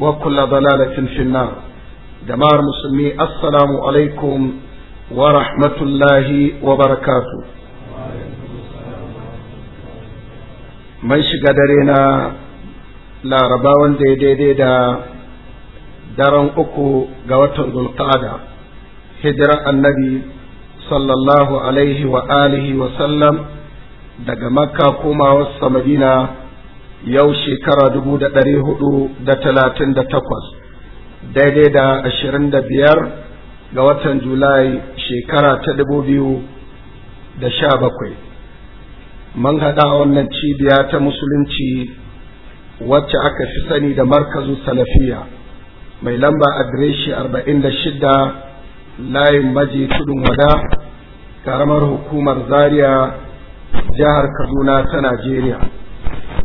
وكل ضلالة في النار جماعة المسلمين السلام عليكم ورحمة الله وبركاته من shiga لا رباون دي دي دي دا daren uku ga watan zulqada hijira annabi sallallahu alaihi wa alihi wa sallam daga makka komawarsa madina yau shekara dubu da ɗari hudu da talatin da takwas daidai da ashirin da biyar ga watan julai shekara ta dubu biyu da sha bakwai man haɗa wannan cibiya ta musulunci wacce aka fi sani da markazu salafiya mai lamba adireshi arba'in da shida layin maji tudun wada karamar hukumar zaria jihar kaduna ta najeriya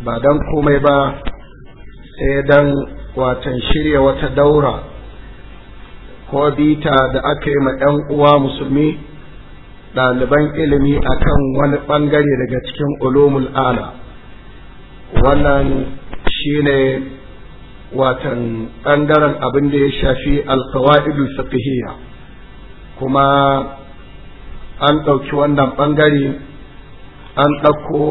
ba don komai ba sai don watan shirya wata daura ko bita da aka yi ma 'yan uwa musulmi ɗaliban ilimi akan wani ɓangare daga cikin ulumul ala wannan shine watan ɓangaren abin da ya shafi alkawa'idu fiqhiyya kuma an ɗauki wannan ɓangare an ɗauko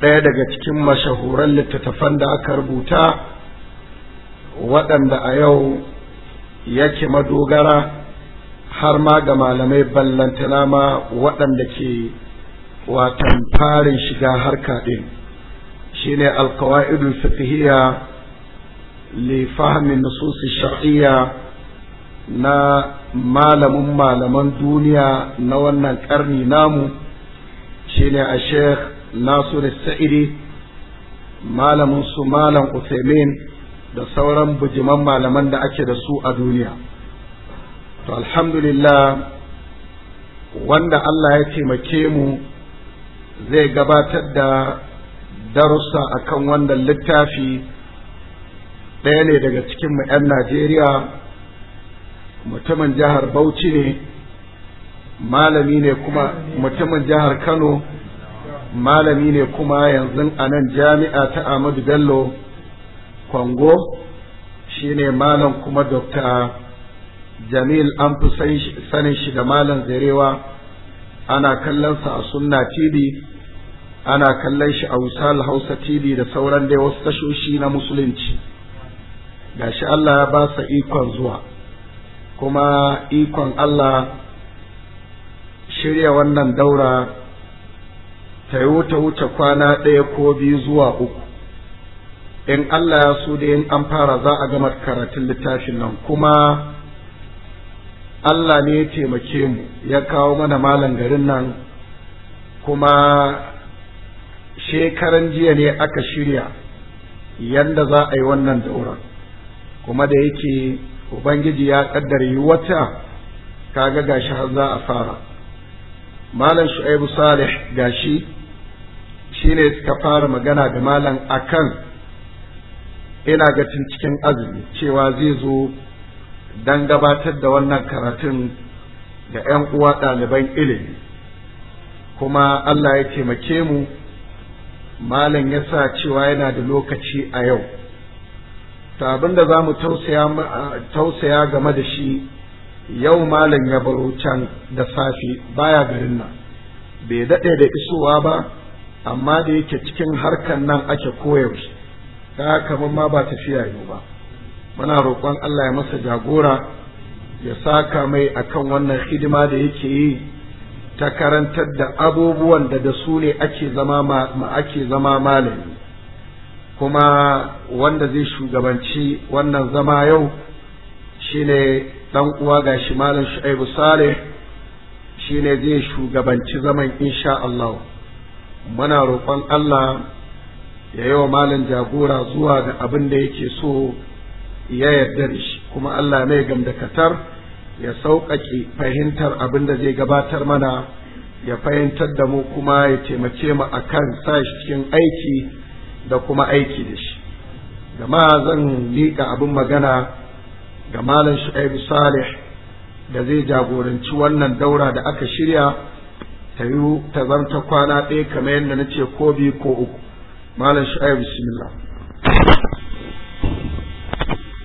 ɗaya daga cikin mashahuran littattafan da aka rubuta waɗanda a yau yake madogara har ma ga malamai ballantana ma waɗanda ke watan farin shiga harka ɗin shine alkawa'idul fiqhiyya li lefahamin nususi shar'iyya na malamin malaman duniya na wannan ƙarni namu shine a sheikh nasiru sa'idi malamin su malam usaimin da sauran bujiman malaman da ake da su a duniya to alhamdulillah wanda Allah ya taimake mu zai gabatar da darussa akan wannan littafi ɗaya ne daga cikin mu 'yan Najeriya mutumin jihar Bauchi ne malami ne kuma mutumin jihar Kano malami ne kuma yanzu a nan jami'a ta Ahmadu Bello Kwango shine malam kuma Dr. Jamil an fi sanin shi da malam zarewa ana kallon sa a sunna TV ana kallon shi a Wisal Hausa TV da sauran dai wasu tashoshi na musulunci shi Allah ya ba sa ikon zuwa kuma ikon Allah shirya wannan daura ta yi wuta wuce kwana ɗaya ko biyu zuwa uku in Allah ya so da yin an fara za a gama karatun littafin nan kuma Allah ne ya taimake mu ya kawo mana malam garin nan kuma shekaran jiya ne aka shirya yanda za a yi wannan dauran kuma da yake ubangiji ya kaddara yi wata kaga gashi har za a fara malam shu'aibu salih gashi shine suka fara magana da malam akan ina ga cikin azumi cewa zai zo don gabatar da wannan karatun ga 'yan uwa ɗaliban ilimi kuma Allah ya taimake mu malam ya sa cewa yana da lokaci a yau ta abinda za mu tausaya game da shi yau malam ya baro can da safe baya garin nan bai daɗe da isowa ba amma da yake cikin harkan nan ake koyaushe ta kamar ma ba tafiya yau ba muna roƙon Allah ya masa jagora ya saka mai akan wannan hidima da yake yi ta karantar da abubuwan da da su ne ake zama ma ake zama malami kuma wanda zai shugabanci wannan zama yau shine dan uwa gashi shi malam Shu'aibu Saleh shine zai shugabanci zaman insha Allah muna roƙon Allah ya yi wa malam jagora zuwa ga abin da yake so ya yarda da shi kuma Allah mai gamdakatar ya sauƙaƙe fahimtar abin da zai gabatar mana ya fahimtar da mu kuma ya taimace mu a kan sa shi cikin aiki da kuma aiki da shi gama zan liƙa abin magana ga malam shu'aibu salih da zai jagoranci wannan daura da aka shirya ta yi ta zarta kwana ɗaya kamar yadda na ce ko biyu ko uku malam sha'ayi bismillah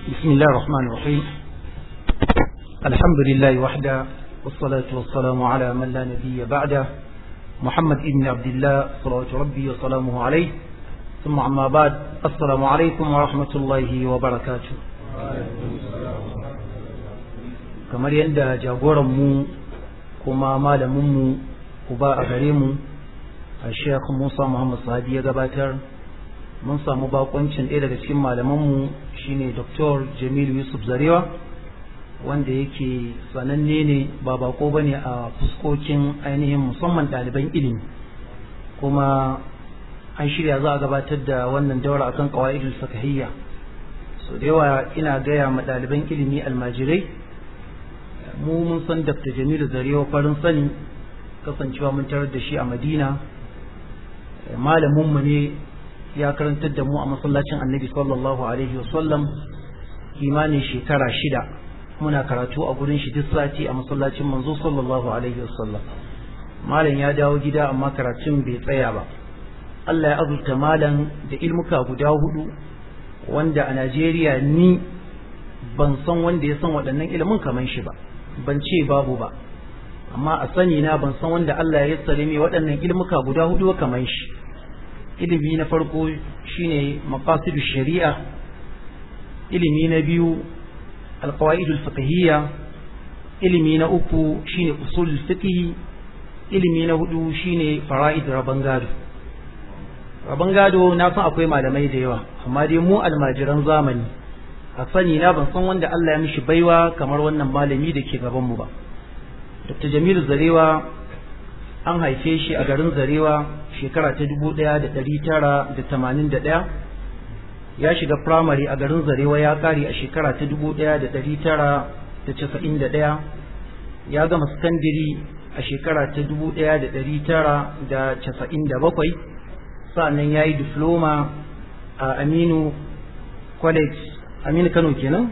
bismillah rahman rahim alhamdulillah wahda والصلاة والسلام ala man la nabiyya ba'da muhammad ibn abdullah الله rabbi wa salamu alayhi ثم عما بعد السلام عليكم ورحمة الله وبركاته kamar yadda jagoranmu kuma malaminmu uba a gare mu a sheikh musa muhammad sahabi ya gabatar mun samu bakoncin ɗaya daga cikin malamanmu shine dr jamilu yusuf zarewa wanda yake sananne ne ba bako ba ne a fuskokin ainihin musamman ɗaliban ilimi kuma an shirya za a gabatar da wannan daura akan qawaidul fakahiyya so da yawa ina gaya ma ɗaliban ilimi almajirai mu mun san dr jamilu zarewa farin sani kasancewa mun tarar da shi a madina malaminmu ne ya karantar da mu a masallacin annabi sallallahu alaihi wasallam kimanin shekara shida muna karatu a gurin shi duk sati a masallacin manzo sallallahu alaihi wasallam malam ya dawo gida amma karatun bai tsaya ba Allah ya azurta malam da ilmuka guda hudu wanda a Najeriya ni ban san wanda ya san waɗannan ilimin kamar shi ba ban ce babu ba amma a sani na ban san wanda Allah ya tsare mai waɗannan ilmuka guda hudu kamar shi ilimi na farko shine maqasidu shari'a ilimi na biyu alqawaidul fiqhiyya ilimi na uku shine usul fiqh ilimi na hudu shine fara'id rabban gado rabban gado na san akwai malamai da yawa amma dai mu almajiran zamani a sani na ban san wanda Allah ya mishi baiwa kamar wannan malami da ke gaban mu ba dr jamilu zarewa an haife shi a garin zarewa shekara ta dubu ɗaya da ɗari tara da tamanin da ɗaya ya shiga firamare a garin zarewa ya ƙare a shekara ta dubu ɗaya da ɗari tara da casa'in da ɗaya ya gama sakandiri a shekara ta dubu ɗaya da ɗari tara da casa'in da bakwai sa'annan ya yi difloma a aminu college aminu kano kenan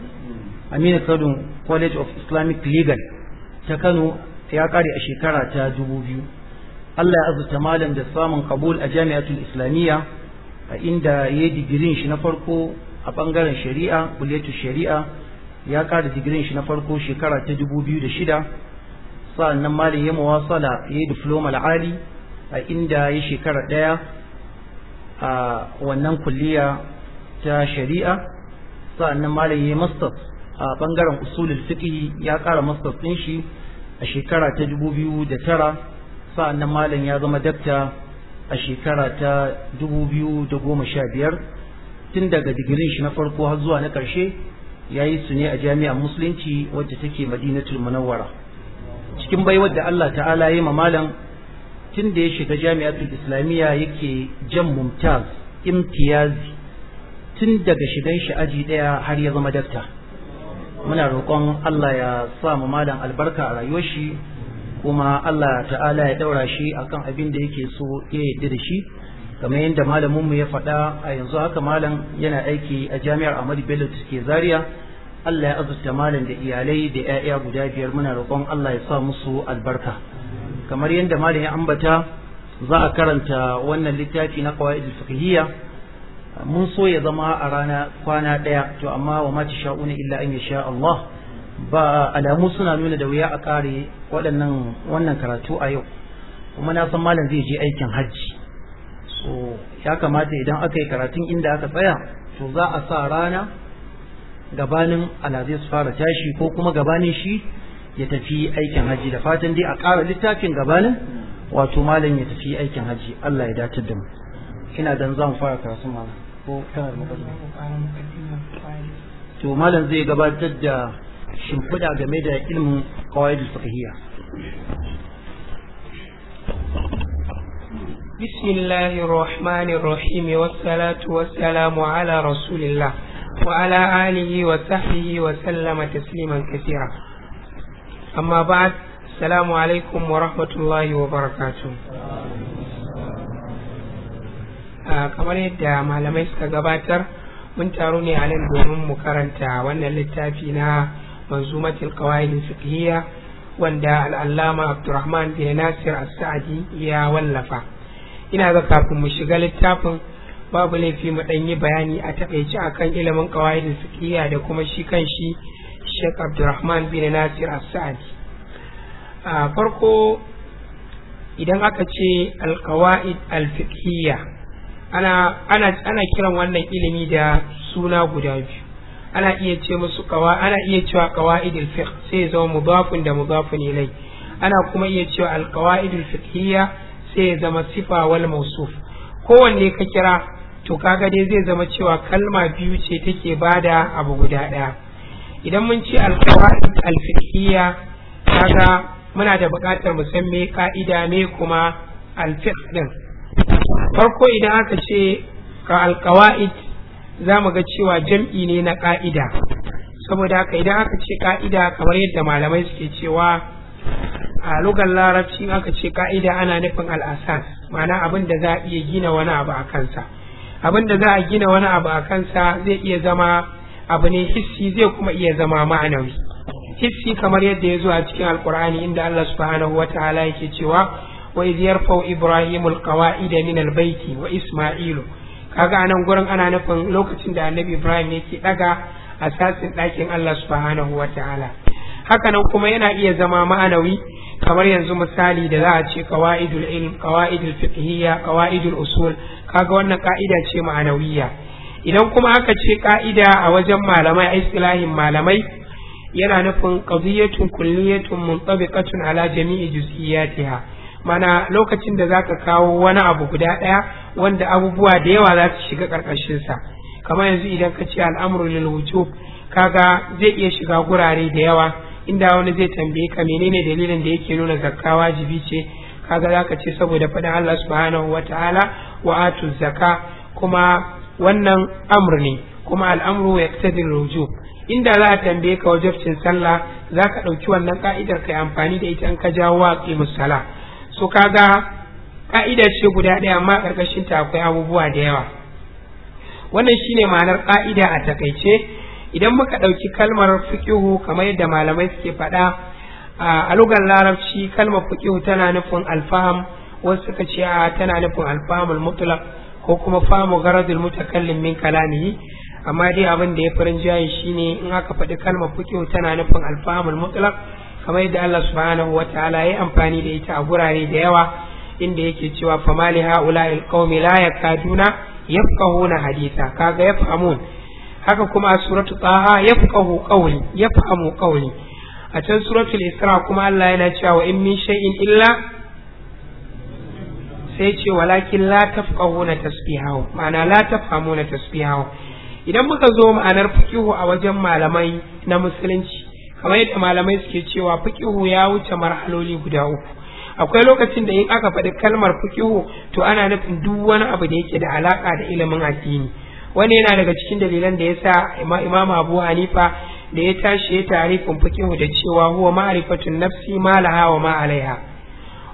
aminu kano college of islamic legal ta kano sai ya kare a shekara ta dubu biyu Allah ya azurta malam da samun kabul a jami'atul islamiyya a inda ya yi digirin shi na farko a bangaren shari'a kuliyatu shari'a ya ƙara digirin shi na farko shekara ta dubu biyu da shida sa'annan malam ya mawasala ya yi diploma al'ali a inda ya shekara ɗaya a wannan kulliya ta shari'a sa'annan malam ya yi masters a bangaren usulul fiqh ya kara masters ɗin shi a shekara ta dubu biyu da tara sa'annan malam ya zama dakta a shekara ta dubu biyu da goma sha biyar tun daga digirin shi na farko har zuwa na ƙarshe ya yi su ne a jami'ar musulunci wadda take madinatul munawwara cikin baiwar da Allah ta'ala ya ma malam tun da ya shiga jami'atul islamiyya yake jan mumtaz imtiyazi tun daga shigan shi aji daya har ya zama dakta muna roƙon Allah ya sa mu malam albarka a rayuwar shi kuma Allah ta'ala ya daura shi akan abin da yake so ya yarda da shi kamar yadda malamin mu ya faɗa a yanzu haka malam yana aiki a jami'ar Ahmadu Bello ke Zaria Allah ya azurta malam da iyalai da 'ya'ya guda biyar muna roƙon Allah ya sa musu albarka kamar yadda malam ya ambata za a karanta wannan littafi na qawaid al-fiqhiyya mun so ya zama a rana kwana ɗaya to amma wa ma sha'una illa an yasha Allah ba alamu suna nuna da wuya a kare waɗannan wannan karatu a yau kuma na san malam zai je aikin hajji so ya kamata idan aka yi karatun inda aka tsaya to za a sa rana gabanin alazai su fara tashi ko kuma gabanin shi ya tafi aikin hajji da fatan dai a ƙara littafin gabanin wato malam ya tafi aikin hajji Allah ya dace da mu ina dan zan fara karatun malam ko tana da mukaddima to malam zai gabatar da shimfiɗa game da ilmin qawaid fiqhiyya بسم الله الرحمن الرحيم والصلاة والسلام على رسول الله وعلى آله وصحبه وسلم تسليما كثيرا أما بعد السلام عليكم ورحمة الله وبركاته kamar yadda malamai suka gabatar mun taro ne a nan domin mu karanta wannan littafi na manzumatul qawaid fiqhiyya wanda al'allama abdurrahman bin nasir as-sa'di ya wallafa ina ga kafin mu shiga littafin babu laifi mu ɗan yi bayani a takaice akan ilimin ƙawaidin fiqhiyya da kuma shi kan shi Sheikh Abdulrahman bin Nasir As-Sa'di a farko idan aka ce alƙawaid al ana ana kiran wannan ilimi da suna guda biyu ana iya ce musu kawa ana iya cewa qawaidul fiqh sai zama mudafun da mudafun ilai ana kuma iya cewa alqawaidul fiqhiyya sai zama sifa wal mawsuf kowanne ka kira to kaga dai zai zama cewa kalma biyu ce take bada abu guda daya idan mun ce alqawaid al fiqhiyya kaga muna da buƙatar mu san me ka'ida me kuma al fiqh din farko idan aka ce ka alkawa'id za mu ga cewa jam'i ne na ƙa'ida saboda haka idan aka ce ƙa'ida kamar yadda malamai suke cewa a lugar larabci aka ce ƙa'ida ana nufin al'asas ma'ana abin da za a iya gina wani abu a kansa abin da za a gina wani abu a kansa zai iya zama abu ne hissi zai kuma iya zama ma'anawi hissi kamar yadda ya zo a cikin alƙur'ani inda allah subhanahu wa ta'ala yake cewa وإذ يرفع إبراهيم القواعد من البيت وإسماعيل wa kaga anan gurin ana nufin lokacin da annabi ibrahim yake daga asasin ɗakin Allah subhanahu wa ta'ala hakanan kuma yana iya zama ma'anawi kamar yanzu misali da za a ce qawaidul ilm qawaidul fiqhiyya qawaidul usul kaga wannan ka'ida ce ma'anawiya idan kuma aka ce ka'ida a wajen malamai a istilahin malamai yana nufin qadiyatun kulliyatun muntabiqatun ala jami'i juz'iyatiha mana lokacin da zaka kawo wani abu guda ɗaya wanda abubuwa da yawa za su shiga ƙarƙashinsa. kamar yanzu idan ka ce al'amru lil wujub kaga zai iya shiga gurare da yawa inda wani zai tambaye ka menene dalilin da yake nuna zakka wajibi ce kaga zaka ce saboda faɗin Allah subhanahu wataala wa atu zakka kuma wannan amr ne kuma al'amru yaqtadi al-wujub inda za a tambaye ka wajibcin sallah za ka ɗauki wannan ka'idar ka amfani da ita in ka jawo wa qimus to kaga ka'ida ce guda ɗaya amma ƙarƙashin ta akwai abubuwa da yawa wannan shine ma'anar ƙa'ida a takaice idan muka ɗauki kalmar fiƙihu kamar yadda malamai suke faɗa a lugar larabci kalmar fiƙihu tana nufin alfaham wasu suka ce a tana nufin alfahamul mutula ko kuma famu garadul mutakallim min kalamihi amma dai abin da ya farin jayi shine in aka faɗi kalmar fiƙihu tana nufin alfahamul mutula kamar yadda Allah subhanahu wa ta'ala ya amfani da ita a gurare da yawa inda yake cewa famali haula alqaumi la yakaduna yafqahuna haditha kaga yafhamun haka kuma a suratu taha yafqahu qawli yafhamu qawli a can suratul isra kuma Allah yana cewa wa in min shay'in illa sai ce walakin la tafqahuna tasbihahu ma'ana la tafhamuna tasbihahu idan muka zo ma'anar fikihu a wajen malamai na musulunci kamar yadda malamai suke cewa fiqihu ya wuce marhaloli guda uku akwai lokacin da in aka faɗi kalmar fiqihu to ana nufin duk wani abu da yake da alaka da ilimin addini wani yana daga cikin dalilan da yasa imam abu hanifa da ya tashi ya tarifin fiqihu da cewa huwa ma'rifatun nafsi ma laha wa ma alaiha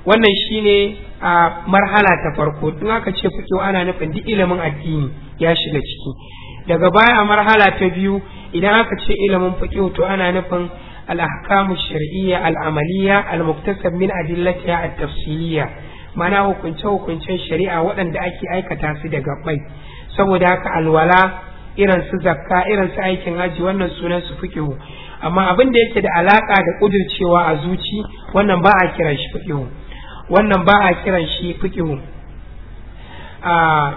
wannan shine a marhala ta farko in aka ce fiqihu ana nufin duk ilimin addini ya shiga ciki daga baya a marhala ta biyu idan aka ce ilimin fakihu to ana nufin al shari'a, al'amaliya, shariyya al-amaliyya al-muktasab min adillatiha at-tafsiliyya mana hukunce hukuncen shari'a waɗanda ake aikata su daga bai saboda haka alwala irin su zakka irin su aikin haji wannan sunan su fiqh amma abin da yake da alaka da kudircewa a zuci wannan ba a kiran shi fiqh wannan ba a kiran shi fiqh a ah,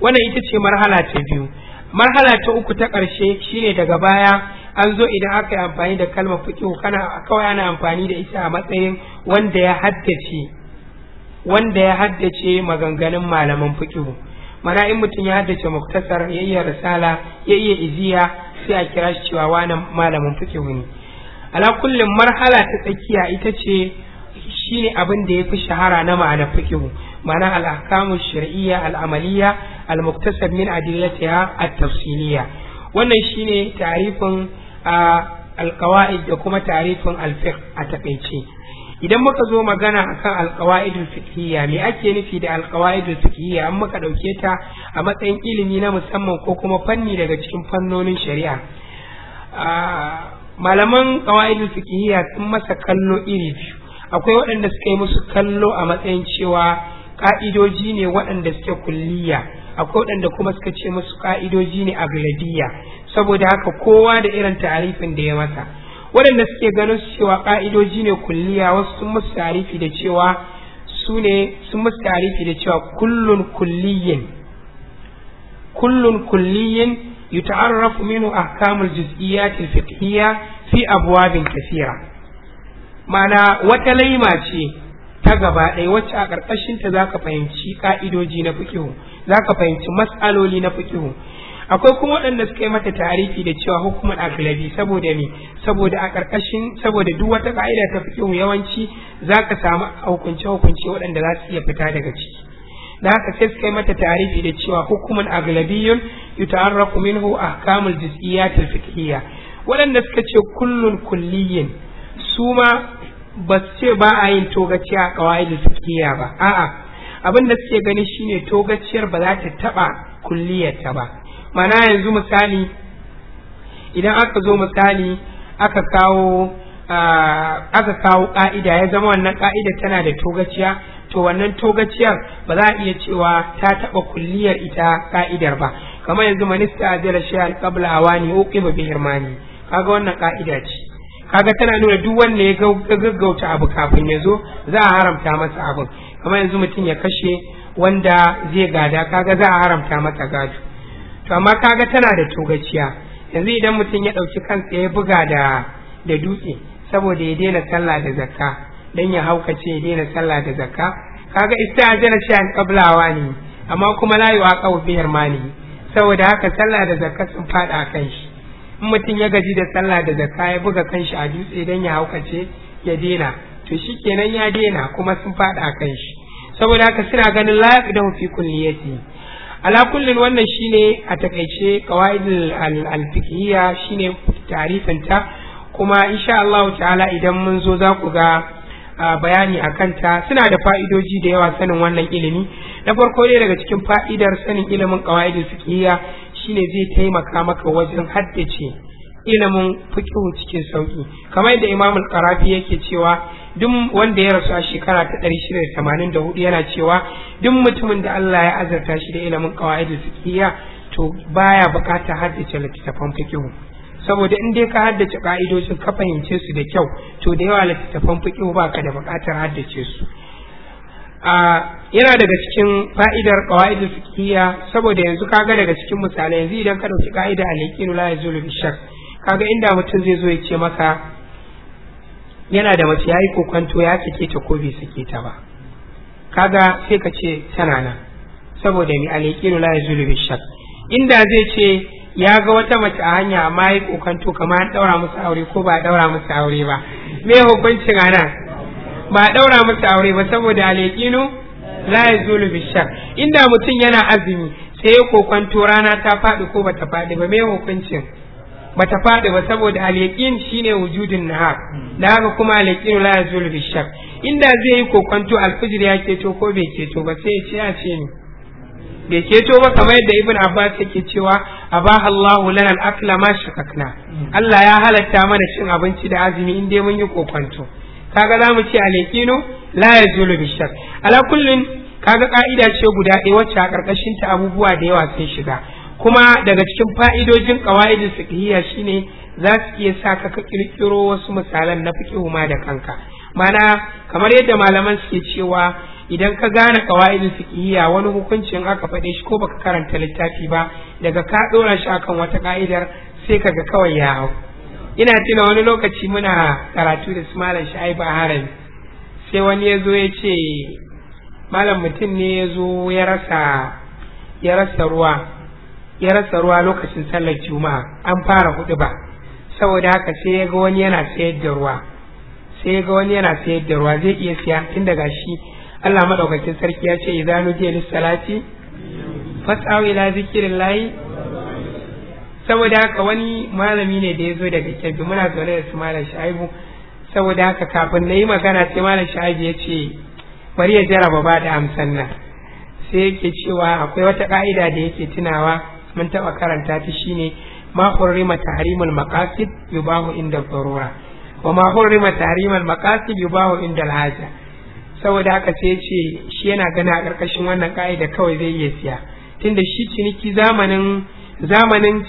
wannan ita ce marhala ta biyu marhala ta uku ta ƙarshe shine daga baya an zo idan aka yi amfani da kalmar fiƙihu kana kawai ana amfani da ita a matsayin wanda ya haddace wanda ya haddace maganganun malaman fiƙihu. mana in mutum ya haddace muktasar ya iya risala ya iya iziya sai a kira shi cewa wani malamin fiƙihu ne ala kullum marhala ta tsakiya ita ce shine abin da ya fi shahara na ma'anar fiqhu ma'ana al-ahkamu shar'iyya al-amaliyya al-muktasab min adillatiha at-tafsiliya wannan shine tarifin al da kuma tarifin alfik a takaice idan muka zo magana akan al-qawaidul fiqhiyya me ake nufi da al-qawaidul fiqhiyya an muka dauke ta a matsayin ilimi na musamman ko kuma fanni daga cikin fannonin shari'a malaman qawaidul fiqhiyya sun masa kallo iri biyu akwai waɗanda suka yi musu kallo a matsayin cewa ka'idoji ne waɗanda suke kulliya akwai waɗanda kuma suka ce musu ka'idoji ne a galadiya saboda haka kowa da irin tarifin da ya masa waɗanda suke ganin su cewa ka'idoji ne kulliya wasu sun musu tarifi da cewa su ne sun musu tarifi da cewa kullun kulliyin kullun kulliyin yuta'arrafu minhu ahkamul juz'iyyat al-fiqhiyya fi abwabin kathira mana wata laima ce ta gaba ɗaya wacce a ƙarƙashinta za ka fahimci ƙa'idoji na fikihu za ka fahimci matsaloli na fikihu akwai kuma waɗanda suka yi mata tarihi da cewa hukumar aglabi saboda me saboda a ƙarƙashin saboda duk wata ka'ida ta fikihu yawanci za ka samu hukunce hukunce waɗanda za su iya fita daga ciki da haka sai suka yi mata tarifi da cewa hukumar aglabiyyun yuta'arraku minhu ahkamul juz'iyyat al-fiqhiyya waɗanda suka ce kullun kulliyin su ma ba su ce ba a yin togaci a ƙawayen da fiqhiyya ba a'a abin da suke gani shine togaciyar ba za ta taba kulliyarta ba mana yanzu misali idan aka zo misali aka kawo aka kawo ka'ida ya zama wannan ka'ida tana da togaciya to wannan togaciyar ba za a iya cewa ta taba kulliyar ita ka'idar ba kamar yanzu minista azira shi alqabla awani uqiba ba bihirmani kaga wannan ka'ida ce kaga tana nuna duk wanda ya gaggauta abu kafin ya zo za a haramta masa abin kamar yanzu mutum ya kashe wanda zai gada kaga za a haramta masa gado to amma kaga tana da togaciya yanzu idan mutum ya ɗauki kansa ya buga da da dutse saboda ya daina sallah da zakka dan ya haukace ya daina sallah da zakka kaga shi an kablawa ne amma kuma la biyar ma mani saboda haka sallah da zakka sun fada kan shi mutum ya gaji da sallah da zakka ya buga kanshi a dutse dan ya haukace ya dena to shi kenan ya dena kuma sun fada a shi saboda haka suna ganin la da fi kulliyati ala kullin wannan shine a takaice qawaidul al-fiqhiyya shine tarifin ta kuma insha Allah ta'ala idan mun zo za ku ga bayani a kanta suna da fa'idoji da yawa sanin wannan ilimi na farko dai daga cikin fa'idar sanin ilimin qawaidul fiqhiyya shine zai taimaka maka wajen haddace ilimin fikihu cikin sauki kamar yadda Imam al-Qarafi yake cewa duk wanda ya rasu a shekara ta 684 yana cewa duk mutumin da Allah ya azarta shi da ilimin qawaidul fiqhiyya to baya bukata haddace littafan fikihu saboda in dai ka haddace ka'idojin ka fahimce su da kyau to da yawa littattafan fikihu baka da bukatar haddace su yana daga cikin fa'idar qawaid fiqhiyya saboda yanzu kaga daga cikin misalai yanzu idan ka dauki ka'ida al-yaqinu la yazulu bi shakk kaga inda mutum zai zo ya ce maka yana da mace yayi kokonto ya sake ta ko bai sake ta ba kaga sai ka ce tana nan saboda ni al-yaqinu la yazulu bi shakk inda zai ce ya ga wata mace a hanya amma yayi kokonto kamar an daura musu aure ko ba daura musu aure ba me hukuncin anan ba a ɗaura masa aure ba saboda alekinu la ya zulu bishak inda mutum yana azumi sai ya kokwanto rana ta faɗi ko bata faɗi ba mai hukuncin bata faɗi ba saboda shi shine wujudin nahar da haka kuma alekinu la ya zulu bishak inda zai yi kokwanto alfijir ya keto ko bai keto ba sai ya ce ya ce ni bai keto ba kamar yadda ibn abbas yake cewa Abahallahu allahu lana al-akla ma shakakna allah ya halatta mana cin abinci da azumi in dai mun yi kokwanto kaga za mu ce lekino la ya zulu bishak ala kullum kaga ka'ida ce guda ɗaya wacce a ƙarƙashin ta abubuwa da yawa sun shiga kuma daga cikin fa'idojin su kihiya shine za su iya sa ka ka ƙirƙiro wasu misalan na fi ma da kanka mana kamar yadda malaman suke cewa idan ka gane su kihiya wani hukuncin aka faɗe shi ko baka karanta littafi ba daga ka ɗora shi akan wata ƙa'idar sai kaga kawai ya hau ina tuna wani lokaci muna karatu da su malam shaibu a harami sai wani ya zo ya ce malam mutum ne ya zo ya rasa ruwa lokacin sallar juma'a an fara hudu ba saboda haka sai ya ga wani yana sayar da ruwa sai ya ga wani yana sayar da ruwa zai iya siya tun daga shi Allah madaukakin sarki ya ce ya idanu diya salati. fas'au zikirin layi. saboda haka wani malami ne da ya zo daga kebbi muna zaune da su malam shaibu saboda haka kafin na yi magana sai malam shaibu ya ce bari ya jaraba ba da amsan nan sai yake cewa akwai wata ka'ida da yake tunawa mun taɓa karanta ta shine ma hurrima tahrimul maqasid yubahu inda darura wa ma hurrima tahrimul maqasid yubahu inda alhaja saboda haka sai ce shi yana gana a ƙarƙashin wannan ka'ida kawai zai iya siya tunda shi ciniki zamanin zamanin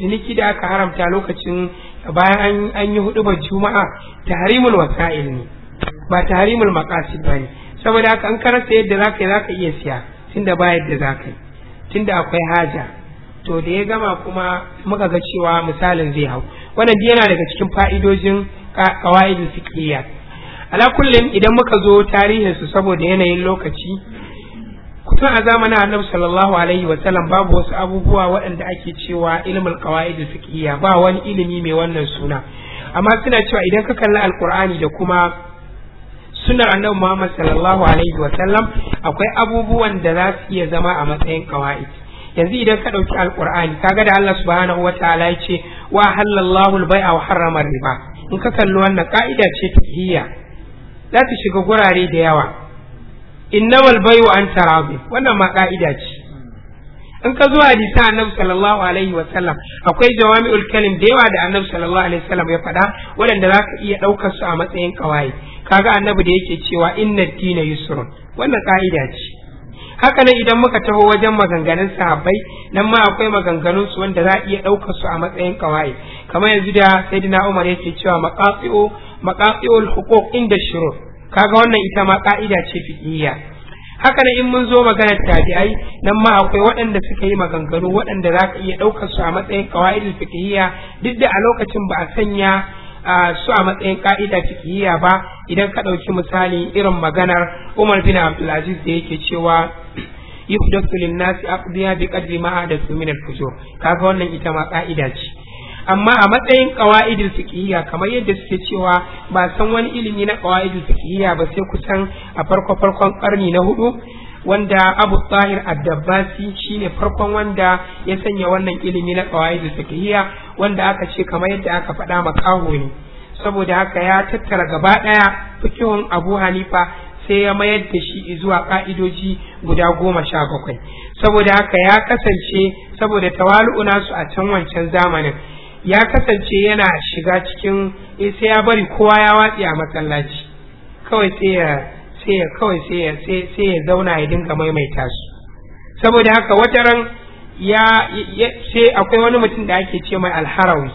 ciniki da aka haramta lokacin bayan an yi hudubar juma'a tahrimul wasa'il ne ba tahrimul maqasid bane saboda haka an karanta yadda zaka yi zaka iya siya tunda ba yadda zaka yi tunda akwai haja to da ya gama kuma muka ga cewa misalin zai hau wannan dai yana daga cikin fa'idojin qawaidul fiqhiyya ala kullum idan muka zo tarihin su saboda yanayin lokaci kuma a zamanin annabi sallallahu alaihi wa sallam babu wasu abubuwa waɗanda ake cewa ilmul qawaid fiqhiyya ba wani ilimi mai wannan suna amma suna cewa idan ka kalli alqur'ani da kuma sunnar annabi Muhammad sallallahu alaihi wa sallam akwai abubuwan da za su iya zama a matsayin qawaid yanzu idan ka ɗauki alqur'ani kaga da Allah subhanahu wa ta'ala ya ce wa halallahu al-bai'a wa harrama riba in ka kalli wannan ka'ida ce fiqhiyya za ta shiga gurare da yawa innamal bayu an tarabi wannan ma ka'ida ce in ka zo hadisa annabi sallallahu alaihi wa sallam akwai jawami'ul kalim da yawa da annabi sallallahu alaihi wa sallam ya faɗa waɗanda za ka iya ɗaukar su a matsayin kawai kaga annabi da yake cewa inna dina yusrun wannan ka'ida ce haka nan idan muka taho wajen maganganun sahabbai nan ma akwai maganganun su wanda za a iya ɗaukar su a matsayin kawai kamar yanzu da sayyidina Umar yake cewa maqasi'u maqasi'ul huquq inda shurur kaga wannan ita ma ka'ida ce fiqhiyya haka nan in mun zo maganar tabi'ai nan ma akwai waɗanda suka yi maganganu waɗanda za ka iya ɗaukar su a matsayin qawaidul fiqhiyya duk da a lokacin ba a sanya su a matsayin ka'ida fiqhiyya ba idan ka ɗauki misali irin maganar Umar bin Abdulaziz da yake cewa yuhdathu lin-nasi aqdiya biqadri ma hadathu min al-fujur kaga wannan ita ma ka'ida ce amma a matsayin qawaidul fiqhiyya kamar yadda suke cewa ba san wani ilimi na qawaidul fiqhiyya ba sai kusan a farko farkon karni na hudu wanda abu tahir addabbasi shine farkon wanda ya sanya wannan ilimi na qawaidul fiqhiyya wanda aka ce kamar yadda aka faɗa makaho ne saboda haka ya tattara gaba ɗaya fikihun abu hanifa sai ya mayar da shi zuwa ka'idoji guda goma sha bakwai saboda haka ya kasance saboda tawalu'u nasu a can wancan zamanin ya kasance yana shiga cikin eh, sai ya bari kowa ya watsi a matsalaci kawai sai ya zauna ya dinga maimaita su saboda haka wataran ya sai akwai wani mutum da ake ce mai alharawi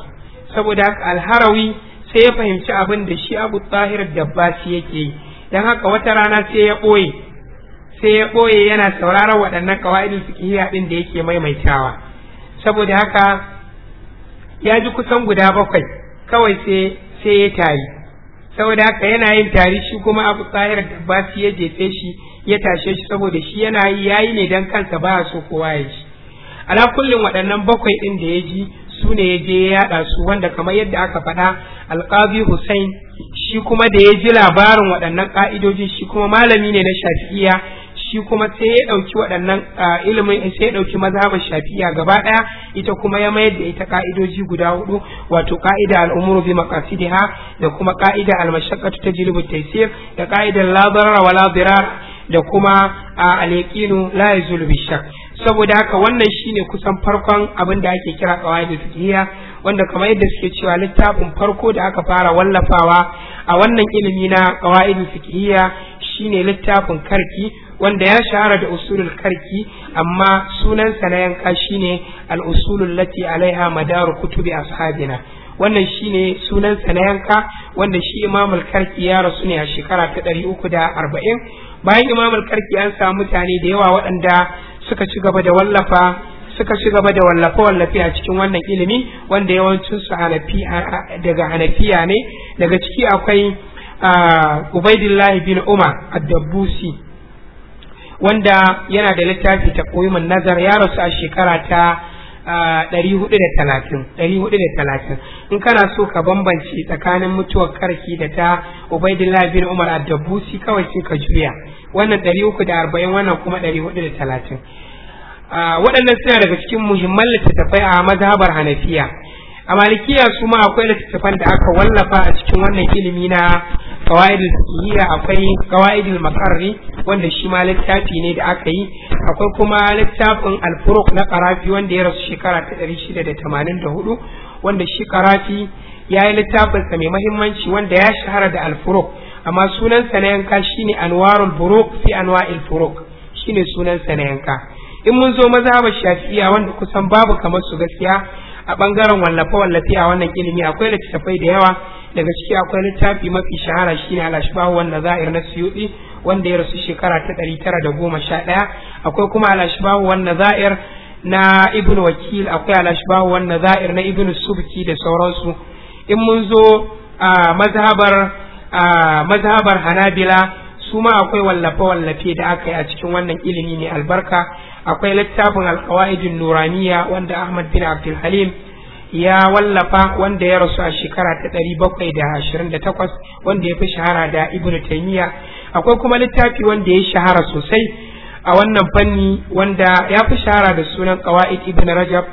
saboda haka alharawi sai ya fahimci abin da shi abu tsahir dabbasi yake yi dan haka wata rana sai ya ɓoye sai ya ɓoye yana sauraron waɗannan ƙawa'idin yi ɗin da yake maimaitawa saboda haka ya ji kusan guda bakwai kawai sai ya tari saboda haka yana yin tari shi kuma abu tsahir da ba su ya jefe shi ya tashe shi saboda shi yana yi yayi ne don kansa ba so kowa ya ji ala kullum waɗannan bakwai ɗin da ya ji su ne ya je ya yaɗa su wanda kamar yadda aka faɗa alƙazi Hussain shi kuma da ya ji labarin waɗannan ƙa'idojin shi kuma malami ne na shafi'iya shi kuma sai ya ɗauki waɗannan ilimin eh, sai ya ɗauki mazhabar shafiya gaba ɗaya ita kuma ya mayar da ita ka'idoji guda hudu wato ka'ida al'umuru bi maqasidiha da kuma ka'ida al-mashaqqatu tajlibu taysir da ka'idar la darara wa la da kuma al-yaqinu la bi shakk saboda haka wannan shine kusan farkon abin da ake kira qawaidul fiqhiyya wanda kamar yadda suke cewa littafin farko da aka fara wallafawa a wannan ilimi na qawaidul fiqhiyya shine littafin karki wanda ya shahara da usulul karki amma sunansa na yanka shine al-usulul lati alaiha madaru kutubi ashabina wannan shine sunansa na yanka wanda shi imamul karki ya rasu ne a shekara ta ɗari uku da arba'in bayan imamul karki an samu mutane da yawa waɗanda suka ci gaba da wallafa suka ci gaba da wallafe wallafe a cikin wannan ilimi wanda yawancin su daga hanafiya ne daga ciki akwai ubaidillahi bin umar ad-dabbusi wanda yana da littafi ta koyimin nazar ya rasu a shekara ta ɗari hudu da talatin ɗari hudu da talatin in kana so ka bambance tsakanin mutuwar karki da ta ubaidillah bin umar addabusi kawai sai ka juya wannan ɗari uku da arba'in wannan kuma ɗari hudu da talatin waɗannan suna daga cikin muhimman littattafai a mazhabar hanafiya a malikiya su ma akwai littattafan da aka wallafa a cikin wannan ilimi na qawaidul fiqhiyya akwai qawaidul makarri wanda shi ma littafi ne da aka yi akwai kuma littafin al na karafi wanda ya rasu shekara ta 684 wanda shi qarafi ya yi littafin mai mahimmanci wanda ya shahara da al amma sunansa na yanka shine anwarul buruq fi anwa'il furuq shine sunan sa na yanka in mun zo mazhabar shafi'iya wanda kusan babu kamar su gaskiya a bangaren wallafe wallafe a wannan ilimi akwai littattafai da yawa daga ciki akwai littafi mafi shahara shine al-ashbahu wanda za'ir na suyudi wanda ya rasu shekara ta ɗari tara da goma sha ɗaya akwai kuma al-ashbahu wanda na ibn wakil akwai al-ashbahu wanda na ibn subki da sauransu in mun zo a mazhabar a mazhabar hanabila su ma akwai wallafe wallafe da aka yi a cikin wannan ilimi ne albarka akwai littafin alkawaidin nuraniya wanda ahmad bin abdul halim ya wallafa wanda ya rasu a shekara ta ɗari bakwai da ashirin da takwas wanda ya fi shahara da ibnu taimiya akwai kuma littafi wanda ya shahara sosai a wannan fanni wanda ya fi shahara da sunan kawaid ibn rajab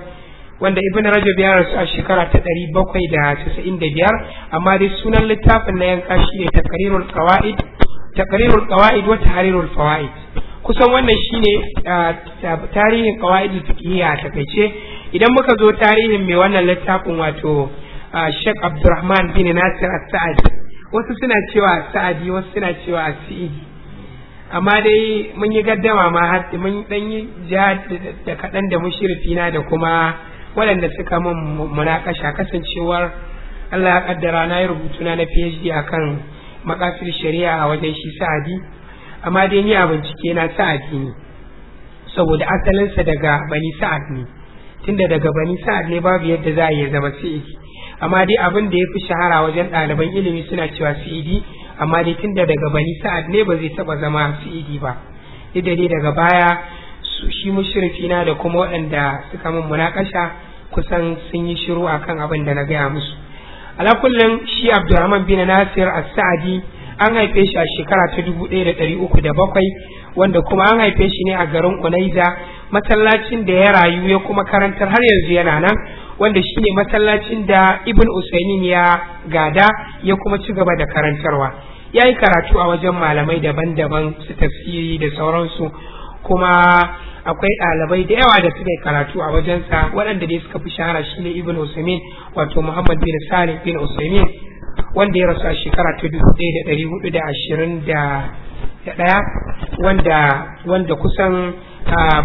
wanda ibn rajab ya rasu a shekara ta ɗari bakwai da casa'in da biyar amma dai sunan littafin na yanka shi ne takarirul kawaid takarirul kawaid wa tahrirul fawaid kusan wannan shine tarihin qawaid fiqhiyya a takaice idan muka zo tarihin mai wannan littafin wato Sheikh Abdulrahman bin Nasir As-Sa'di wasu suna cewa Sa'di wasu suna cewa Sa'idi amma dai mun yi gaddama ma har mun dan yi da kaɗan da mushrifina da kuma waɗanda suka mun munakasha kasancewar Allah ya kaddara na yi rubutuna na PhD akan makafir shari'a a wajen shi Sa'adi amma dai ni a bincike na sa'ad ne saboda asalinsa daga bani sa'ad ne tunda daga bani sa'ad ne babu yadda za a iya zama sa'id amma dai abin da ya fi shahara wajen ɗaliban ilimi suna cewa sa'idi amma dai tunda daga bani sa'ad ne ba zai taɓa zama sa'idi ba duk dai daga baya su shi na da kuma waɗanda suka min munakasha kusan sun yi shiru akan abin da na gaya musu ala kullum shi abdurrahman bin nasir as-sa'di an haife shi a shekara ta dubu ɗaya da ɗari uku da bakwai wanda kuma an haife shi ne a garin Unaiza masallacin da ya rayu ya kuma karantar har yanzu yana nan wanda shi ne masallacin da Ibn Usaimin ya gada ya kuma ci gaba da karantarwa ya yi karatu a wajen malamai daban-daban su tafsiri da sauransu kuma akwai ɗalibai da yawa da suka yi karatu a wajensa waɗanda ne suka fi shahara shi ne Ibn Usaimin wato Muhammad bin salim bin Usaimin wanda ya rasu a shekara ta dubu ɗaya da ɗari hudu da ashirin da ɗaya wanda wanda kusan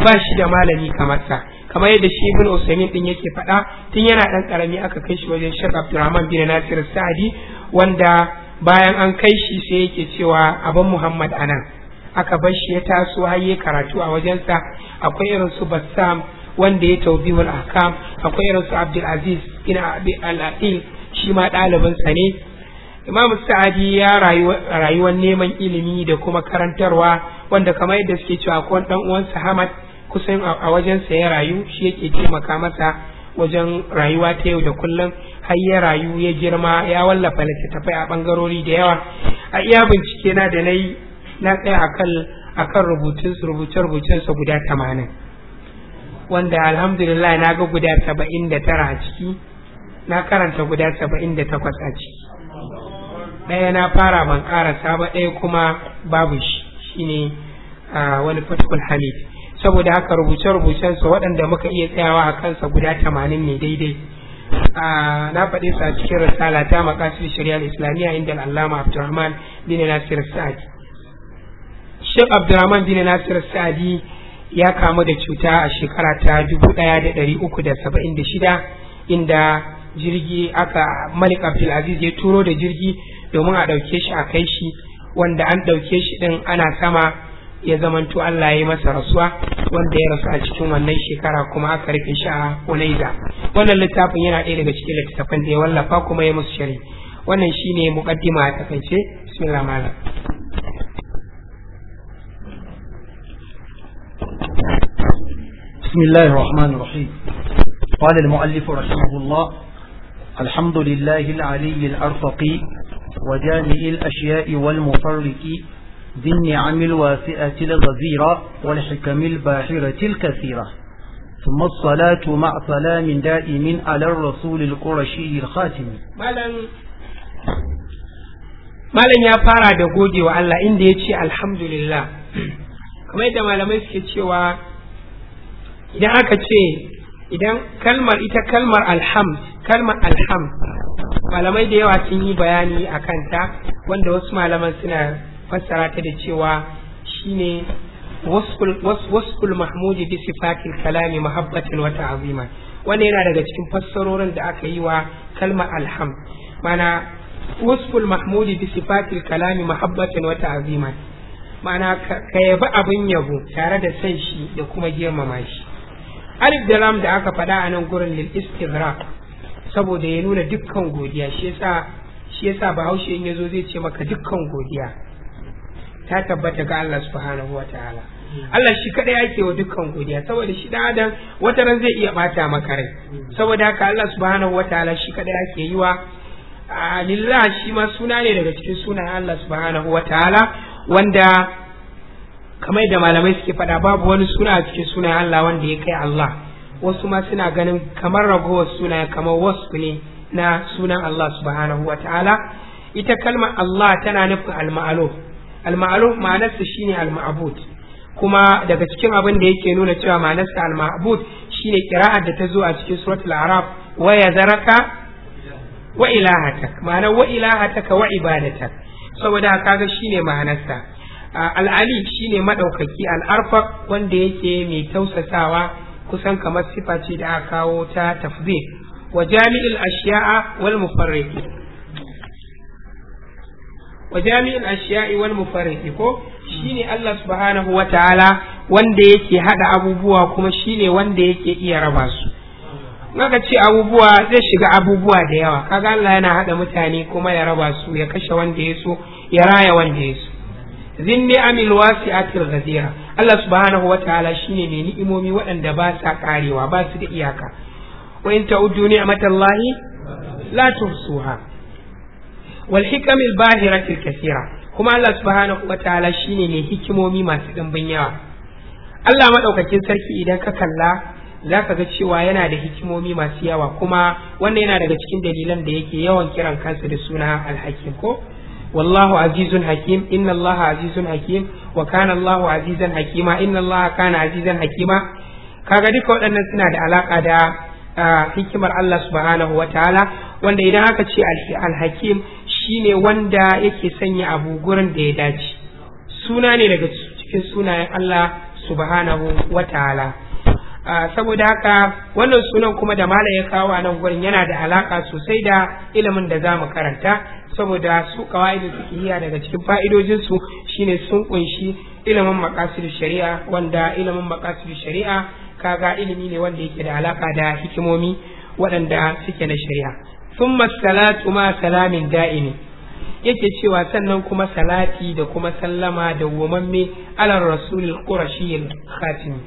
ba shi da malami kamar sa kamar yadda shi ibn usaimin din yake faɗa tun yana ɗan ƙarami aka kai shi wajen shek abdurrahman bin nasir sa'adi wanda bayan an kai shi sai yake cewa abin muhammad a nan aka bar shi ya taso har ya karatu a wajensa akwai irin su bassam wanda ya taubi ahkam akwai irin su abdul aziz abi al shi ma ɗalibinsa ne imamu sa'adi ya rayuwar neman ilimi da kuma karantarwa wanda kamar yadda suke cewa akwai dan uwansa hamad kusan a wajensa ya rayu shi yake taimaka masa wajen rayuwa ta yau da kullum har ya rayu ya girma ya wallafa littattafai a bangarori da yawa a iya bincike na da na yi na tsaya akan akan rubutun rubuce rubucen sa guda tamanin wanda alhamdulillah na ga guda saba'in da tara a ciki na karanta guda saba'in da takwas a ci ɗaya na fara ban ƙarasa ba ɗaya kuma babu shi shine wani Fatakul hamid saboda haka rubuce su waɗanda muka iya tsayawa a kansa guda tamanin ne daidai na faɗi su a cikin risala ta makasir shari'ar islamiyya inda al'ama abdurrahman bin nasir sa'adi shek abdurrahman bin nasir sa'adi ya kamu da cuta a shekara ta dubu ɗaya da ɗari uku da saba'in da shida inda jirgi aka malik abdulaziz ya turo da jirgi domin a ɗauke shi a kai shi wanda an ɗauke shi ɗin ana sama ya zamanto Allah ya yi masa rasuwa wanda ya rasu a cikin wannan shekara kuma aka rufe shi a Unaiza wannan littafin yana ɗaya daga cikin littattafan da ya wallafa kuma ya musu shari wannan shi ne muƙaddima a takaice bismillah malam بسم الله الرحمن الرحيم قال المؤلف رحمه الحمد لله العلي الأرفق وجامع الأشياء والمفرق ذي النعم الواسئة الغزيرة والحكم الباحرة الكثيرة ثم الصلاة مع سلام دائم على الرسول القرشي الخاتم malam ya fara da goge wa Allah inda ya ce alhamdulillah kamar yadda malamai suke cewa idan aka ce idan kalmar ita kalmar alham kalmar alham malamai da yawa sun yi bayani a kanta wanda wasu malaman suna fassara ta da cewa shine wasful mahmudi bi sifatil kalami mahabbatan wata ta'zima wannan yana daga cikin fassarorin da aka yi wa kalmar alham mana wasful mahmudi bi sifatil kalami mahabbatan wata ta'zima ma'ana ka yabi abin yabo tare da san shi da kuma girmama shi alif da lam da aka faɗa a nan gurin lil istighraq saboda ya nuna dukkan godiya shi yasa shi yasa bahaushe in yazo zai ce maka dukkan godiya ta tabbata ga Allah subhanahu wataala Allah shi kadai yake wa dukkan godiya saboda shi da adam wata ran zai iya bata maka rai saboda haka Allah subhanahu wataala shi kadai yake yi wa lillahi shi ma suna ne daga cikin sunan Allah subhanahu wataala wanda kamar da malamai suke faɗa babu wani suna a cikin sunayen Allah wanda ya kai Allah wasu ma suna ganin kamar ragowar sunaye kamar wasu ne na sunan Allah subhanahu wa ta'ala ita kalmar Allah tana nufin al-ma'aluf al-ma'aluf ma'anarsa shine al-ma'bud kuma daga cikin abin da yake nuna cewa ma'anarsa al-ma'bud shine kira'ar da ta zo a cikin suratul araf wa yazaraka wa ilahatak ma'ana wa ilahataka wa ibadatak saboda kaga shine ma'anarsa al'ali ne maɗaukaki, al’arfa wanda yake mai tausasawa kusan kamar sifa ce da aka kawo ta tafzir wa jami'il ashiya'a wal mufarriki wa jami'il ashiya'i wal mufarriki ko shine Allah subhanahu wa ta'ala wanda yake hada abubuwa kuma shine wanda yake iya raba su naka ce abubuwa zai shiga abubuwa da yawa kaga Allah yana haɗa mutane kuma ya raba su ya kashe wanda ya so ya raya wanda ya so zin ni'amil wasi'atil ghazira Allah subhanahu wataala shine mai ni'imomi waɗanda ba sa karewa ba su da iyaka wa in ta'uddu ni'matallahi la tuhsuha wal hikamil bahiratil kathira kuma Allah subhanahu wataala shine mai hikimomi masu dimbin yawa Allah madaukakin sarki idan ka kalla za ka ga cewa yana da hikimomi masu yawa kuma wannan yana daga cikin dalilan da yake yawan kiran kansa da suna al-hakim ko والله عزيز حكيم إن الله عزيز حكيم وكان الله عزيزا حكيما إن الله كان عزيزا حكيما kaga duka waɗannan suna da alaƙa da hikimar Allah subhanahu wa ta'ala wanda idan aka ce alhakim shine wanda yake sanya abu gurin da ya dace suna ne daga cikin sunayen Allah subhanahu wa ta'ala saboda haka wannan sunan kuma da malam ya kawo a nan gurin yana da alaka sosai da ilimin da za mu karanta saboda su qawaidul yi daga cikin fa'idojin su shine sun kunshi ilimin maqasidu shari'a wanda ilimin maqasidu shari'a kaga ilimi ne wanda yake da alaka da hikimomi waɗanda suke na shari'a thumma salatu ma salamin da'imi yake cewa sannan kuma salati da kuma sallama da wamamme alal rasulil qurashiyil khatimi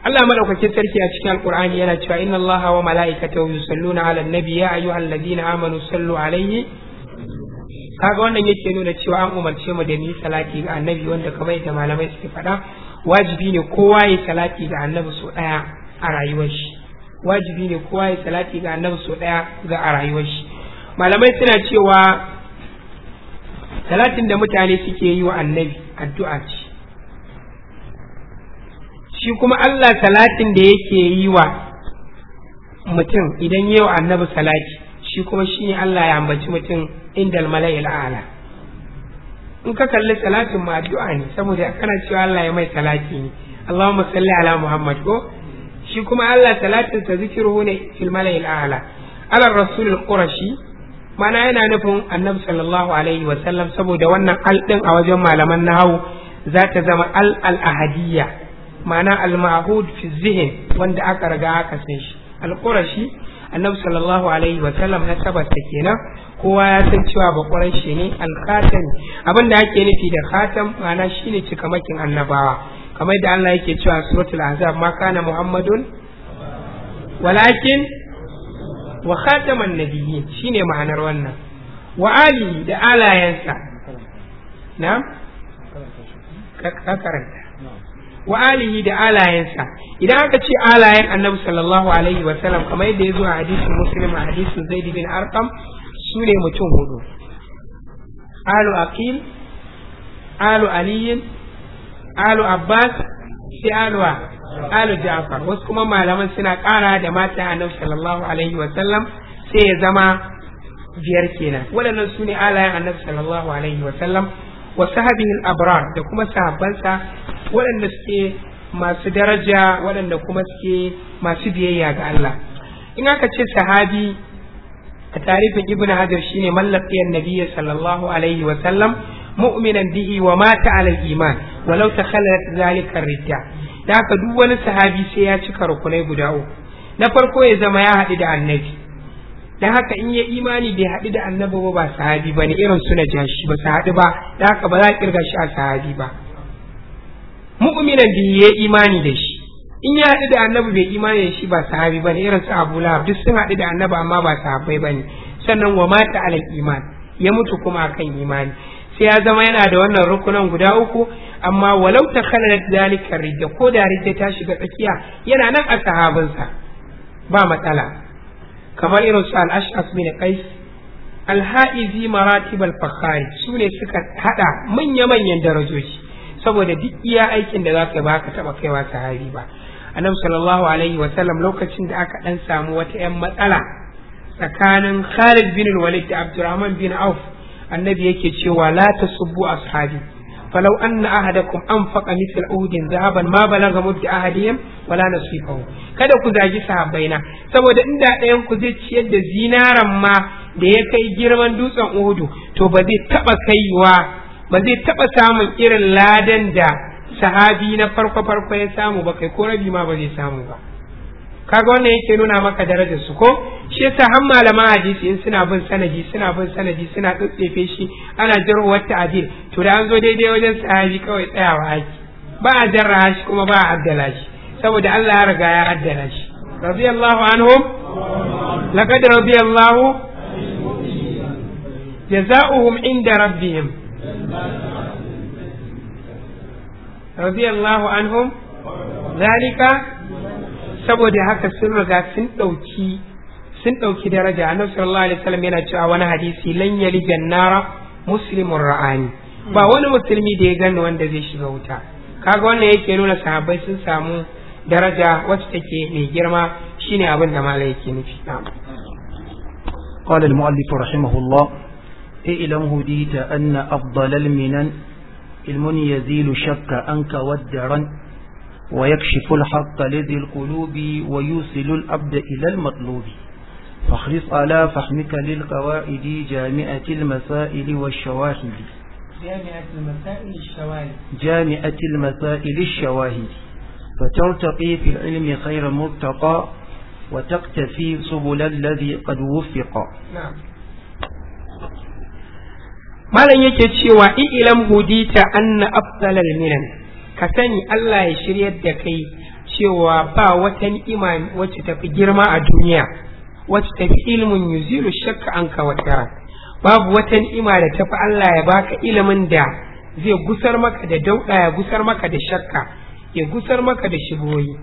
Allah madaukakin sarki a cikin alkur'ani yana cewa inna allaha wa mala'ikatahu yusalluna 'alan nabi ya ayyuhalladhina amanu sallu 'alayhi kaga wannan yake nuna cewa an umarce mu da mu salati ga annabi wanda kamar yadda malamai suke faɗa wajibi ne kowa ya salati ga annabi so ɗaya a rayuwar shi wajibi ne kowa ya salati ga annabi so daya ga a rayuwar shi malamai suna cewa salatin da mutane suke yi wa annabi addu'a ce shi kuma Allah salatin da yake yi wa mutum idan yau annabi salati shi kuma shi ne Allah ya ambaci mutum indal mala'il ala in ka kalli salatin ma addu'a ne saboda kana cewa Allah ya mai salati ne Allahumma salli ala Muhammad ko shi kuma Allah salatin sa zikiru ne fil mala'il ala ala rasulul qurashi mana yana nufin annabi sallallahu alaihi wa sallam saboda wannan al a wajen malaman nahawu za ta zama al al ahadiyya ma'ana al-ma'hud fi zihin wanda aka riga aka san shi al-qurashi annabi sallallahu alaihi wa sallam ya tabbata kenan kowa ya san cewa ba qurashi ne al-khatam abinda ake nufi da khatam ma'ana shine cikamakin annabawa kamar da Allah yake cewa suratul azab ma kana muhammadun walakin wa khataman nabiyyin shine ma'anar wannan wa ali da alayansa na ka karanta wa alihi da alayensa idan aka ce alayen annabi sallallahu alaihi wa sallam kamar yadda ya zo a hadisin muslim a hadisin zaid bin arqam su ne mutum hudu alu aqil alu aliyin alu abbas sai alwa alu ja'far wasu kuma malaman suna kara da mata annabi sallallahu alaihi wa sallam sai ya zama biyar kenan waɗannan su ne alayen annabi sallallahu alaihi wa sallam wa sahabihi al-abrar da kuma sahabbansa waɗanda suke masu daraja waɗanda kuma suke masu biyayya ga Allah in aka ce sahabi a tarihin ibnu hajar shine mallakiyan nabiyyi sallallahu alaihi wa sallam mu'minan bihi wa mata ala iman walau takhallalat zalika ridda da haka duk wani sahabi sai ya cika rukunai guda uku na farko ya zama ya haɗu da annabi dan haka in ya imani bai haɗu da annabi ba ba sahabi ba ne irin suna ja jashi ba su haɗu ba dan haka ba za a kirga shi a sahabi ba mu'minan da ya imani da shi in ya haɗu da annabi bai imani da shi ba sahabi ba ne irin su abu lahab duk sun haɗu da annabi amma ba sahabbai ba ne sannan wa mata alal iman ya mutu kuma akan imani sai ya zama yana da wannan rukunan guda uku amma walau ta khalat zalika ridda ko da ridda ta shiga tsakiya yana nan a sahabinsa ba matsala kamar irin su al bin qais Alha'izi haizi maratib al-fakhari su ne suka hada manya-manyan darajoji saboda duk iya aikin da zaka ba ka taba kaiwa sahabi ba annabi sallallahu alaihi wa sallam lokacin da aka dan samu wata yan matsala tsakanin Khalid bin Walid da Abdurrahman bin Auf annabi yake cewa la tasubbu ashabi فلو أن أحدكم أنفق مثل أود ذهبا ما بلغ مد أحدهم ولا نصيفه kada ku zagi sahabbaina saboda inda ɗayan ku zai ciyar da zinaran ma da ya kai girman dutsen Uhudu to ba zai taɓa kaiwa ba zai samun irin ladan da sahabi na farko farko ya samu ba kai ko rabi ma ba zai samu ba kaga wannan yake nuna maka darajar su ko shi yasa har malaman hadisi in suna bin sanadi suna bin sanadi suna tsatsefe shi ana wata ta'adil to da an zo daidai wajen sahabi kawai tsayawa haki ba a jarra shi kuma ba a addala shi saboda Allah ya riga ya addala shi radiyallahu anhum laqad radiyallahu jazaohum inda rabbihim radiyallahu anhum ذلك saboda haka sun riga sun ɗauki sun ɗauki daraja annabi sallallahu alaihi wasallam yana cewa wani hadisi lan yali jannara muslimun ra'ani ba wani musulmi da ya gani wanda zai shiga wuta kaga wannan yake nuna sahabbai sun samu daraja wacce take mai girma shine abin da malai yake nufi قال المؤلف رحمه الله اعلم هديت أن أفضل المنن المن يزيل شك أنك ودرا ويكشف الحق لذي القلوب ويوصل الأبد إلى المطلوب فاخلص على فهمك للقواعد جامعة المسائل والشواهد جامعة المسائل الشواهد جامعة المسائل الشواهد فترتقي في العلم خير مرتقى وتقتفي سبل الذي قد وفق نعم malam يكتشي cewa لم هديت أن أفضل المنن ka sani Allah ya shiryar da kai cewa ba wata ni'ima wacce tafi girma a duniya wacce tafi ilmin yuziru shakka an ka watara babu wata ni'ima da tafi Allah ya baka ilimin da zai gusar maka da dauɗa ya gusar maka da shakka ya gusar maka da shigoyi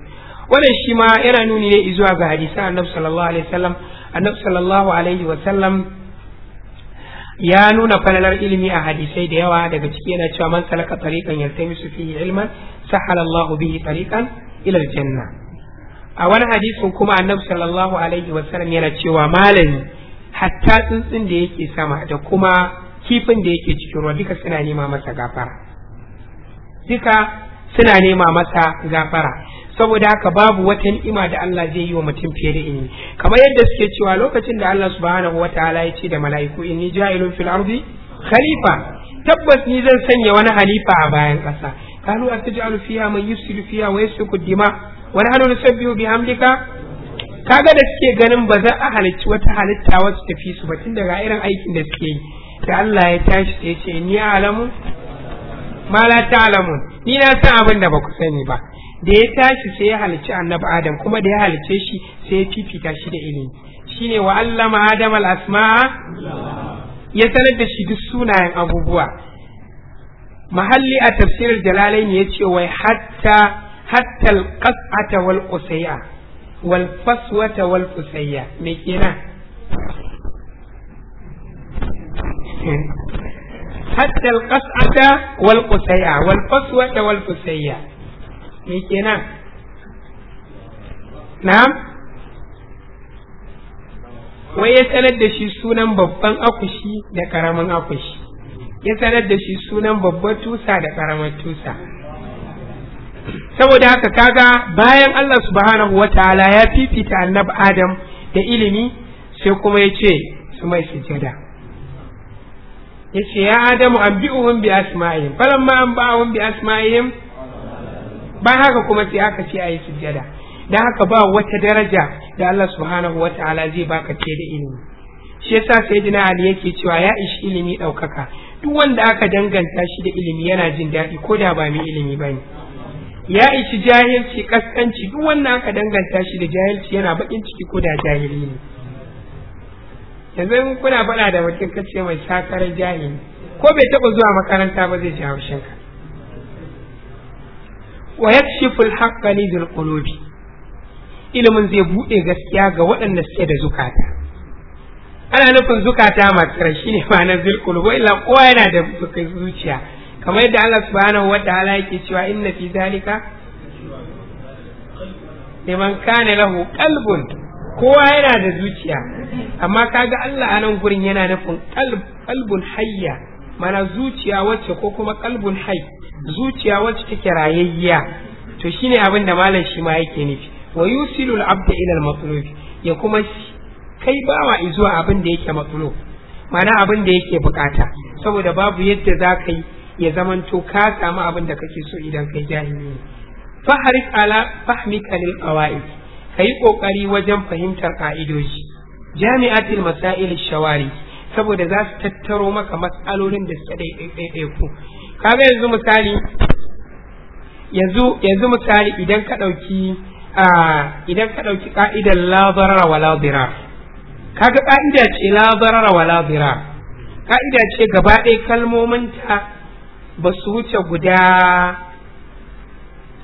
wannan shi ma yana nuni ne zuwa ga hadisi annabi sallallahu alaihi wasallam annabi sallallahu alaihi wasallam ya nuna falalar ilimi a hadisai da yawa daga ciki yana cewa man talaka tariqan yaltamisu fihi ilman sahala Allahu bihi tariqan ila janna a wani hadisin kuma annabi sallallahu alaihi wa sallam yana cewa malami hatta tsuntsun da yake sama da kuma kifin da yake cikin ruwa duka suna nema masa gafara duka suna nema masa gafara saboda haka babu wata ni'ima da Allah zai yi wa mutum fiye da in kamar yadda suke cewa lokacin da Allah subhanahu wataala ya ce da mala'iku inni ja'ilun fil ardi khalifa tabbas ni zan sanya wani halifa a bayan ƙasa qalu ataj'alu fiha man yufsidu fiha wa yasfiku dima wa nahnu nusabbihu bihamdika kaga da suke ganin ba za a halicci wata halitta wasu tafi su ba tun daga irin aikin da suke yi da Allah ya tashi sai ce ni alamu ma la ta'lamun ni na san abin da ba ku sani ba da ya tashi sai ya halici annabi adam kuma da ya halice shi sai ya fifita shi da ilimi shine wa allama adam al asma'a ya sanar da shi duk sunayen abubuwa mahalli a tafsirar ne ya ce wai hatta hatta al-qas'ata wal qusayya wal hatta al-qas'ata wal qusayya me kenan na'am wai ya sanar da shi sunan babban akushi da karamin akushi ya sanar da shi sunan babbar tusa da karamar tusa saboda haka kaga bayan Allah subhanahu wataala ya fifita annabi Adam da ilimi sai kuma ya ce su mai sujada ya ce ya Adamu an bi uhun bi asma'ihim falamma an ba bi asma'ihim ba haka kuma sai aka ce a yi sujjada don haka ba wata daraja da Allah subhanahu wa ta'ala zai baka ce da ilimi shi yasa dina Ali yake cewa ya ishi ilimi ɗaukaka duk wanda aka danganta shi da ilimi yana jin daɗi ko da ba mai ilimi ba ne ya ishi jahilci kaskanci duk wanda aka danganta shi da jahilci yana bakin ciki ko da jahili ne yanzu kuna faɗa da mutum kace mai sakarar jahili ko bai taɓa zuwa makaranta ba zai ji haushinka wa yakshifu al-haqqa qulubi ilimin zai bude gaskiya ga waɗanda suke da zukata ana nufin zukata shi ne ma'ana zil qulubi illa kowa yana da zuciya kamar yadda Allah subhanahu ta'ala yake cewa inna fi zalika liman kana lahu qalbun kowa yana da zuciya amma kaga Allah anan gurin yana nufin qalbun hayya mana zuciya wacce ko kuma qalbun hayya zuciya wacce take rayayya to shine abin da malam shi ma yake nufi wa yusilu al abd ila al ya kuma kai bawa izuwa abin da yake matlub mana abin da yake bukata saboda babu yadda za ka yi ya zamanto ka samu abin da kake so idan kai jahili ne faharik ala fahmika lil qawaid kai kokari wajen fahimtar ka'idoji jami'atil masail shawari saboda za su tattaro maka matsalolin da suke ɗaiɗaiɗaiɗaiku kaga yanzu misali yanzu yanzu misali idan ka ɗauki idan ka dauki ƙa'idar la darara wa la dirar kaga ƙa'ida ce la darara wa la dirar ƙa'ida ce gaba ɗaya kalmominta ba su wuce guda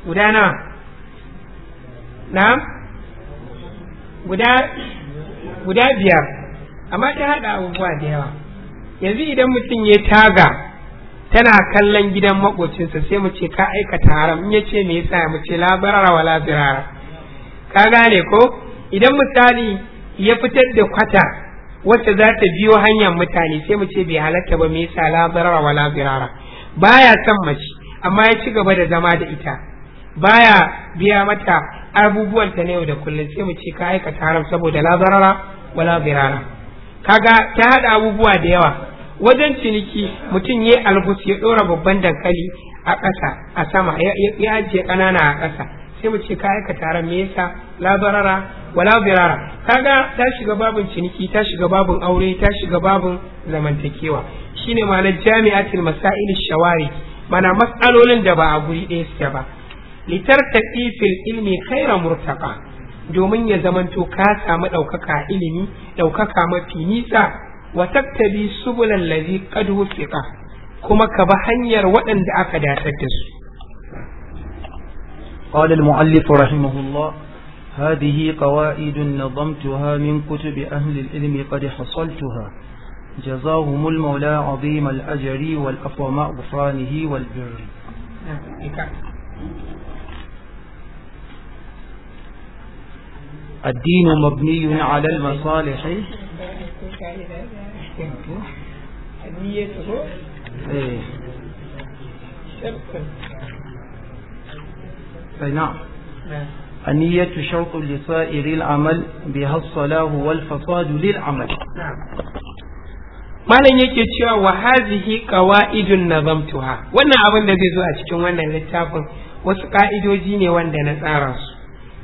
guda na na guda guda biyar amma ta haɗa abubuwa da yawa yanzu idan mutum ya taga tana kallon gidan makocinsa sai mu ce ka aikata haram in yace me yasa mu ce la barara wala zirara ka gane ko idan misali ya fitar da kwata wacce za ta biyo hanyar mutane sai mu ce bai halatta ba me yasa la barara wala zirara baya son mace amma ya ci gaba da zama da ita baya biya mata abubuwan ta na yau da kullum sai mu ce ka aikata haram saboda la barara wala zirara kaga ta hada abubuwa da yawa wajen ciniki mutum ya yi albus ya ɗora babban dankali a ƙasa a sama ya ajiye ƙanana a ƙasa sai mu ce kayaka ka tara me yasa labarara, wala birara kaga ta shiga babin ciniki ta shiga babin aure ta shiga babin zamantakewa shine ma na jami'atul masail shawari mana matsalolin da ba a guri ɗaya suke ba litartaqi fil ilmi khayra murtaqa domin ya zamanto ka samu ɗaukaka ilimi ɗaukaka mafi nisa وتكتبي سبل الذي قد qad كما kuma ka bi hanyar aka datar قال المؤلف رحمه الله هذه قواعد نظمتها من كتب أهل العلم قد حصلتها جزاهم المولى عظيم الأجر والأفوام غفرانه والبر الدين مبني على المصالح niyyar ko eh نعم النية malam yake cewa wa hazihi qawaidun nazamtuha wannan abin da zai zo a cikin wannan littafin wasu ka'idoji ne wanda na tsara su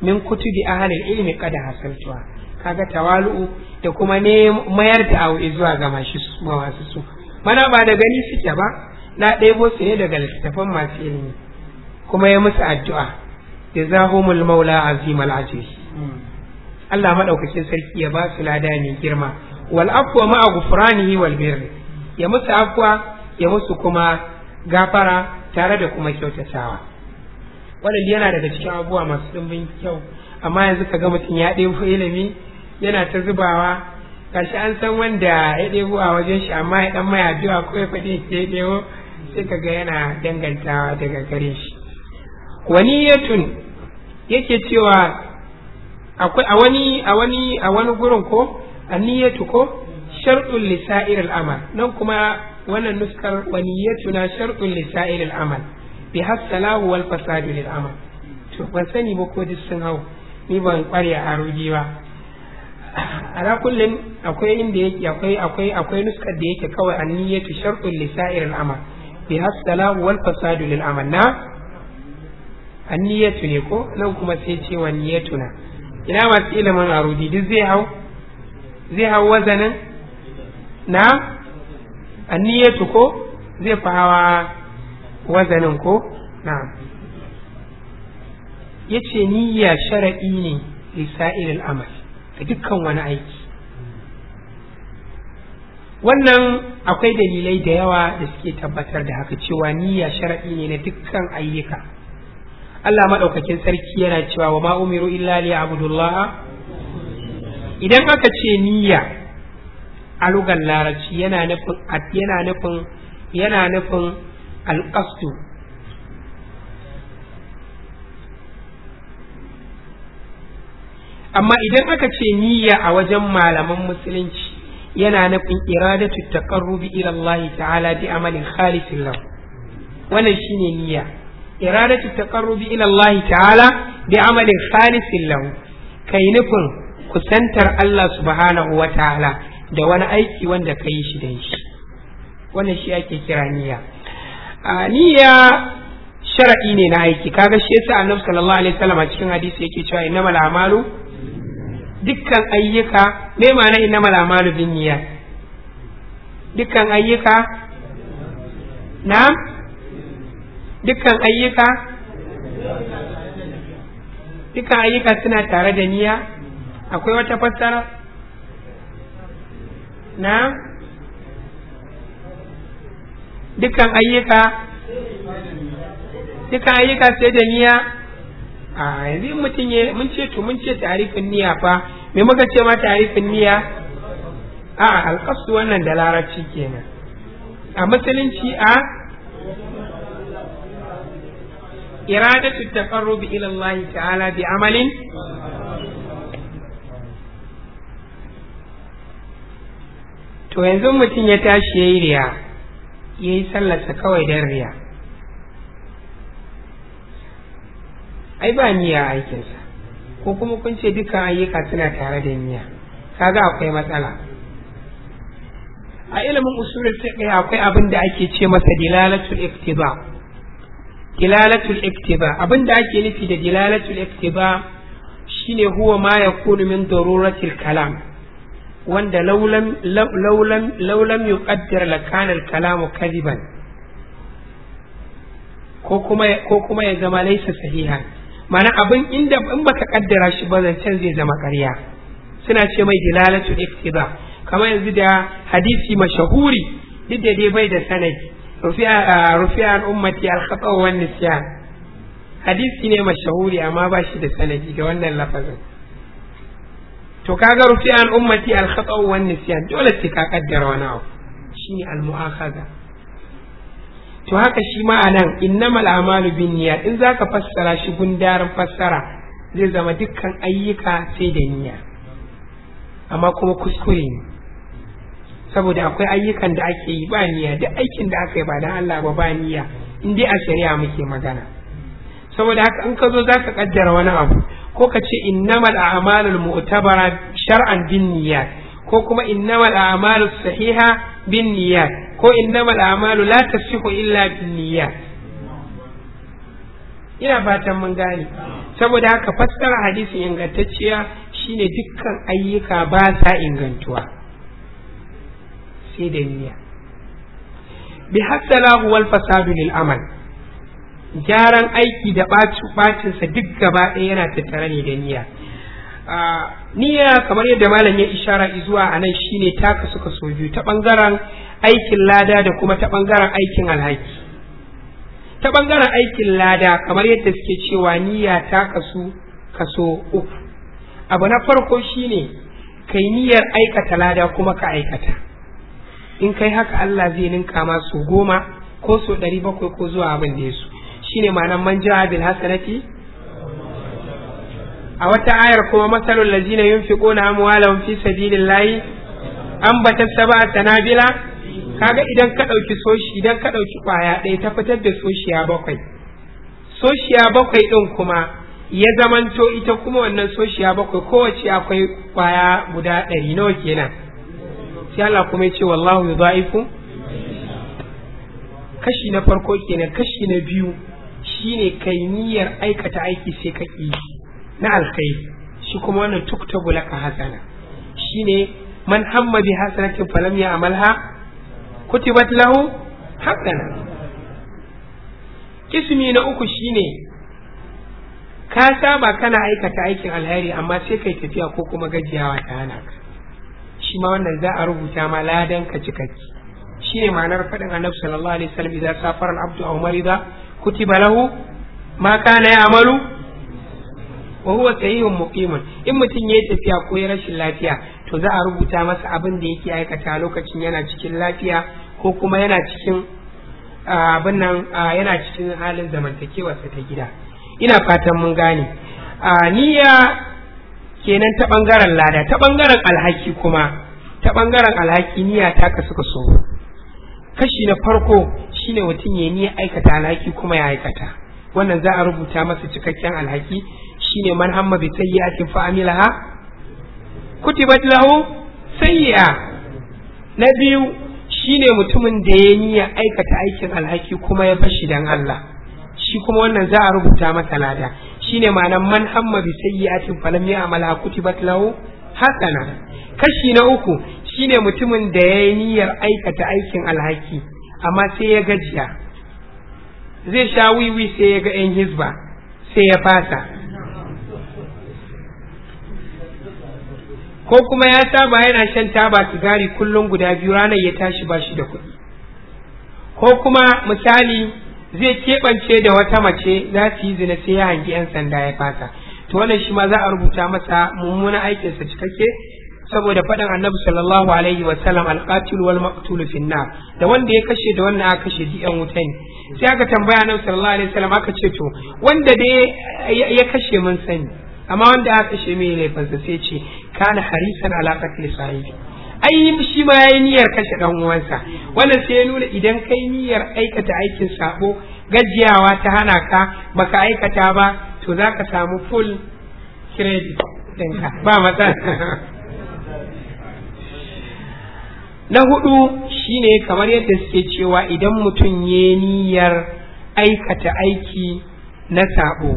min kutubi ahlil ilmi qad hasaltuha kaga tawalu'u da kuma ne mayar da abu zuwa ga masu mawasu su mana ba da gani suke ba na ɗebo su ne daga littattafan masu ilimi kuma ya musu addu'a da zahumul maula azim al Allah madaukakin sarki ya ba su lada mai girma wal afwa ma'a ghufranihi wal birri ya musu afwa ya musu kuma gafara tare da kuma kyautatawa wannan yana daga cikin abubuwa masu dimbin kyau amma yanzu kaga mutum ya ɗebo ilimi yana ta zubawa gashi an san wanda ya ɗebo a wajen shi amma ya ɗan mai addu'a ko ya faɗi ya ɗebo sai ka ga yana dangantawa daga gare shi Wani waniyatun yake cewa akwai a wani a wani a wani gurin ko aniyatu ko shar'un li sa'ir nan kuma wannan nuskar waniyatuna shar'un li sa'ir amal bi hasalahu wal fasadu lil amal to ban sani ba ko duk sun hau ni ban kware a haruji ba ala kullin akwai inda yake akwai akwai akwai nuskar da yake kawai an niyyatu shartun li sa'ir al-amal bi hasala wal fasadu lil amal na an niyyatu ne ko nan kuma sai ce wa niyyatuna ina masu ilimin arudi duk zai hau zai hau wazanin na an niyyatu ko zai fi hawa wazanin ko na yace niyya shar'i ne li sa'ir al-amal A dukkan wani aiki wannan akwai dalilai da yawa da suke tabbatar da haka cewa niyya sharaɗi ne na dukkan ayyuka Allah maɗaukakin sarki yana cewa wa ma umiru illa liya abdullah idan aka ce niyya a lugar larabci yana nufin yana nufin amma idan aka ce niyya a wajen malaman musulunci yana nufin iradatu taqarrubi ila Allah ta'ala bi amalin khalisin lahu wannan shine niyya iradatu taqarrubi ila Allah ta'ala bi amalin khalisin lahu kai nufin kusantar Allah subhanahu wa ta'ala da wani aiki wanda ka yi shi da shi wannan shi ake kira niyya a niyya shar'i ne na aiki kaga shi yasa annabi sallallahu alaihi wasallam a cikin hadisi yake cewa innamal a'malu dukkan ayyuka me ma'ana inna mal amalu binniyat dukkan ayyuka na'am dukkan ayyuka dukkan ayyuka suna tare da niyya akwai wata fassara na dukkan ayyuka dukkan ayyuka sai da niyya a yanzu mutum ya mun ce to mun ce tarifin niyya fa me muka ce ma tarifin niyya a alƙasu wannan da larabci kenan a musulunci a iradatu taqarrubi ila Allah ta'ala bi amalin to yanzu mutum ya tashi yayi riya yayi sallarsa kawai dan riya ai ba niyya aikinsa ko kuma kun ce dukkan ayyuka suna tare da niyya kaga akwai matsala a ilimin usulul fiqh akwai abin da ake ce masa dilalatul iktiba dilalatul iktiba abin da ake nufi da dilalatul iktiba shine huwa ma yakunu min daruratil kalam wanda laulan laulan laulan yuqaddar kalamu kadiban ko kuma ko kuma ya zama laysa sahihan mana abin inda in baka kaddara shi ba zancen zai zama ƙarya suna ce mai dilalatu iftiba kamar yanzu da hadisi mashahuri duk da dai bai da sanadi rufiya al'ummati al-khata wa nisyan hadisi ne mashahuri amma ba shi da sanadi da wannan lafazin to kaga rufiya al'ummati al-khata wa nisyan dole sai ka kaddara wani abu shine al-mu'akhadha to haka shi ma anan innamal a'malu binniyat in zaka fassara shi gundarin fassara zai zama dukkan ayyuka sai da niyya amma kuma kuskure ne saboda akwai ayyukan da ake yi ba niyya duk aikin da aka yi ba dan Allah ba ba niyya in a shari'a muke magana saboda haka in ka zo zaka kaddara wani abu ko ka ce innamal a'malul mu'tabara shar'an binniyat ko kuma innamal a'malus sahiha binniyat ko innamal a'malu la tasihu illa binniyat ina fatan mun gane saboda haka fassara hadisi ingantacciya shine dukkan ayyuka ba sa ingantuwa sai da niyya bi hasalahu huwal fasadu lil amal gyaran aiki da bacin sa duk gaba ɗaya yana tattare ne da niyya niyya kamar yadda malam ya ishara zuwa a nan shine ta kasu kaso biyu ta bangaren aikin lada da kuma ta ɓangaren aikin alhaki ta ɓangaren aikin lada kamar yadda suke cewa niyya ta kasu kaso uku abu na farko shine kai niyyar aikata lada kuma ka aikata in kai haka Allah zai ninka ma su goma ko su ɗari bakwai ko zuwa abin da ya su shine ma'anar manja bil hasanati a wata ayar kuma masalul lazina yunfiquna amwalahum fi sabilillahi ambata sab'a tanabila kaga idan ka ɗauki soshi idan ka ɗauki ƙwaya ɗaya ta fitar da soshiya bakwai soshiya bakwai ɗin kuma ya zamanto ita kuma wannan soshiya bakwai kowace akwai ƙwaya guda ɗari nawa kenan sai Allah kuma ya ce wallahu za'ifu kashi na farko kenan kashi na biyu shine kai niyyar aikata aiki sai ka ƙi na alkhairi shi kuma wannan tuktabu laka hasana shine man hamma bi hasanatin falam ya amalha kutibat lahu haqqan kismi na uku shine ka saba kana aikata aikin alheri amma sai kai tafiya ko kuma gajiyawa ta hana ka shi ma wannan za a rubuta ma ladan ka cikakki shine ma'anar faɗin annabi sallallahu alaihi wasallam idan safar al-abdu aw marida kutiba lahu ma kana ya'malu wa huwa sayyun muqimun in mutum ya tafiya ko ya rashin lafiya to za a rubuta masa abin da yake aikata lokacin yana cikin lafiya ko kuma yana cikin abin nan yana cikin halin zamantakewarsa ta gida ina fatan mun gane niyya kenan ta ɓangaren lada ta ɓangaren alhaki kuma ta ɓangaren alhaki niyya ta suka so kashi na farko shine mutum ya niyya aikata alhaki kuma ya aikata wannan za a rubuta masa cikakken alhaki shine man hamma bi sayyi'atin fa amilaha kutibat lahu sayyi'a na biyu shine mutumin da ya niyya aikata aikin alhaki kuma ya shi dan Allah shi kuma wannan za a rubuta masa lada shine ma'anar man amma bi sayyi'atin falam ya'mala kutibat lahu hasana kashi na uku shine mutumin da ya yi niyyar aikata aikin alhaki amma sai ya gajiya zai sha wiwi sai ya ga 'yan hisba sai ya fasa ko kuma ya saba yana shan taba sigari kullum guda biyu ranar ya tashi ba shi da kuɗi ko kuma misali zai keɓance da wata mace za su yi zina sai ya hangi 'yan sanda ya fasa to wannan shi ma za a rubuta masa mummunan aikinsa cikakke saboda faɗin annabi sallallahu alaihi wa sallam alqatil wal maqtul fi da wanda ya kashe da wanda aka kashe duk yan wuta ne sai aka tambaya annabi sallallahu alaihi wa sallam aka ce to wanda dai ya kashe mun sani amma wanda aka kashe mai laifinsa sai ce kana harisan alaƙar lissahibi ai shi ma yayi niyyar kashe dan uwansa wannan sai ya nuna idan kai niyyar aikata aikin sabo gajiyawa ta hana ka baka aikata ba to zaka samu full credit ɗinka ba mata na hudu shine kamar yadda suke cewa idan mutum ya niyyar aikata aiki na sabo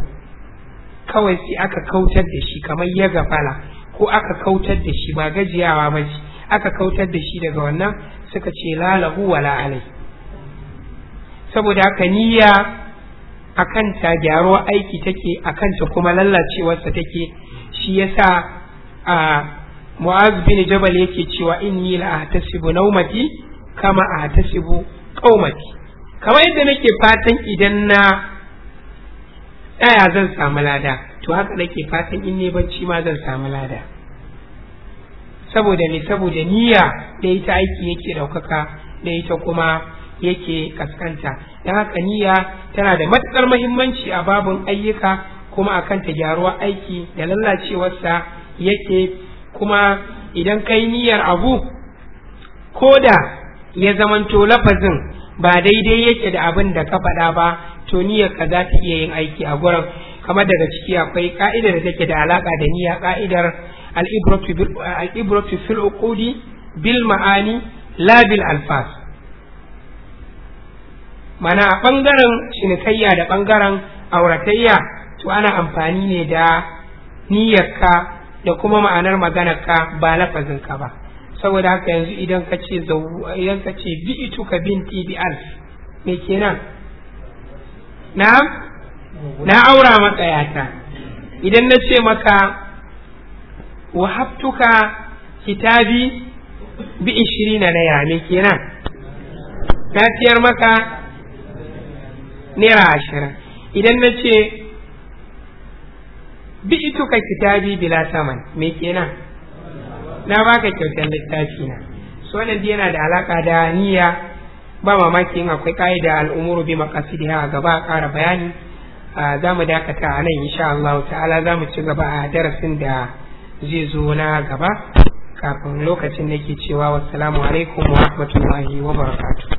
kawai sai aka kautar da shi kamar ya gafala ko aka kautar da shi ba gajiyawa ba ce aka kautar da shi daga wannan suka ce lalahu wala alai saboda haka niyya a kanta gyaruwar aiki take a kanta kuma lallacewarsa take shi yasa a mu'az bin jabal yake cewa inni la ahtasibu naumati kama ahtasibu qaumati kamar yadda nake fatan idan na tsaya zan samu lada to haka nake fatan in ne bacci ma zan samu lada saboda ne saboda niyya da ita aiki yake ɗaukaka da ita kuma yake kaskanta don haka niyya tana da matuƙar mahimmanci a babun ayyuka kuma akan ta gyaruwa aiki da lallacewarsa yake kuma idan kai niyyar abu ko da ya zamanto lafazin ba daidai yake da abin da ka faɗa ba to niyyar ka za ta iya yin aiki a gurin kamar daga ciki akwai ka'idar da take da alaka da niyya ka'idar al-ibratu fil uqudi bil ma'ani la alfas mana a bangaren cinikayya da bangaren auratayya to ana amfani ne da ka da kuma ma'anar maganar ka ba ka ba saboda haka yanzu idan ka ce idan ka ce bi'ituka binti bi alf me kenan na na aura maka yata idan na ce maka wahabtuka kitabi bi ishirina na ke kenan na siyar maka naira ashirin idan na ce bi ituka kitabi bila saman me kenan na baka kyautar littafi na so wannan yana da alaka da niyya ba mamaki in akwai ka'ida al'umuru bi maqasidiha a gaba a ƙara bayani za mu dakata a nan insha Allah ta'ala za mu ci gaba a darasin da zai zo na gaba kafin lokacin nake cewa wassalamu alaikum wa rahmatullahi wa barakatuh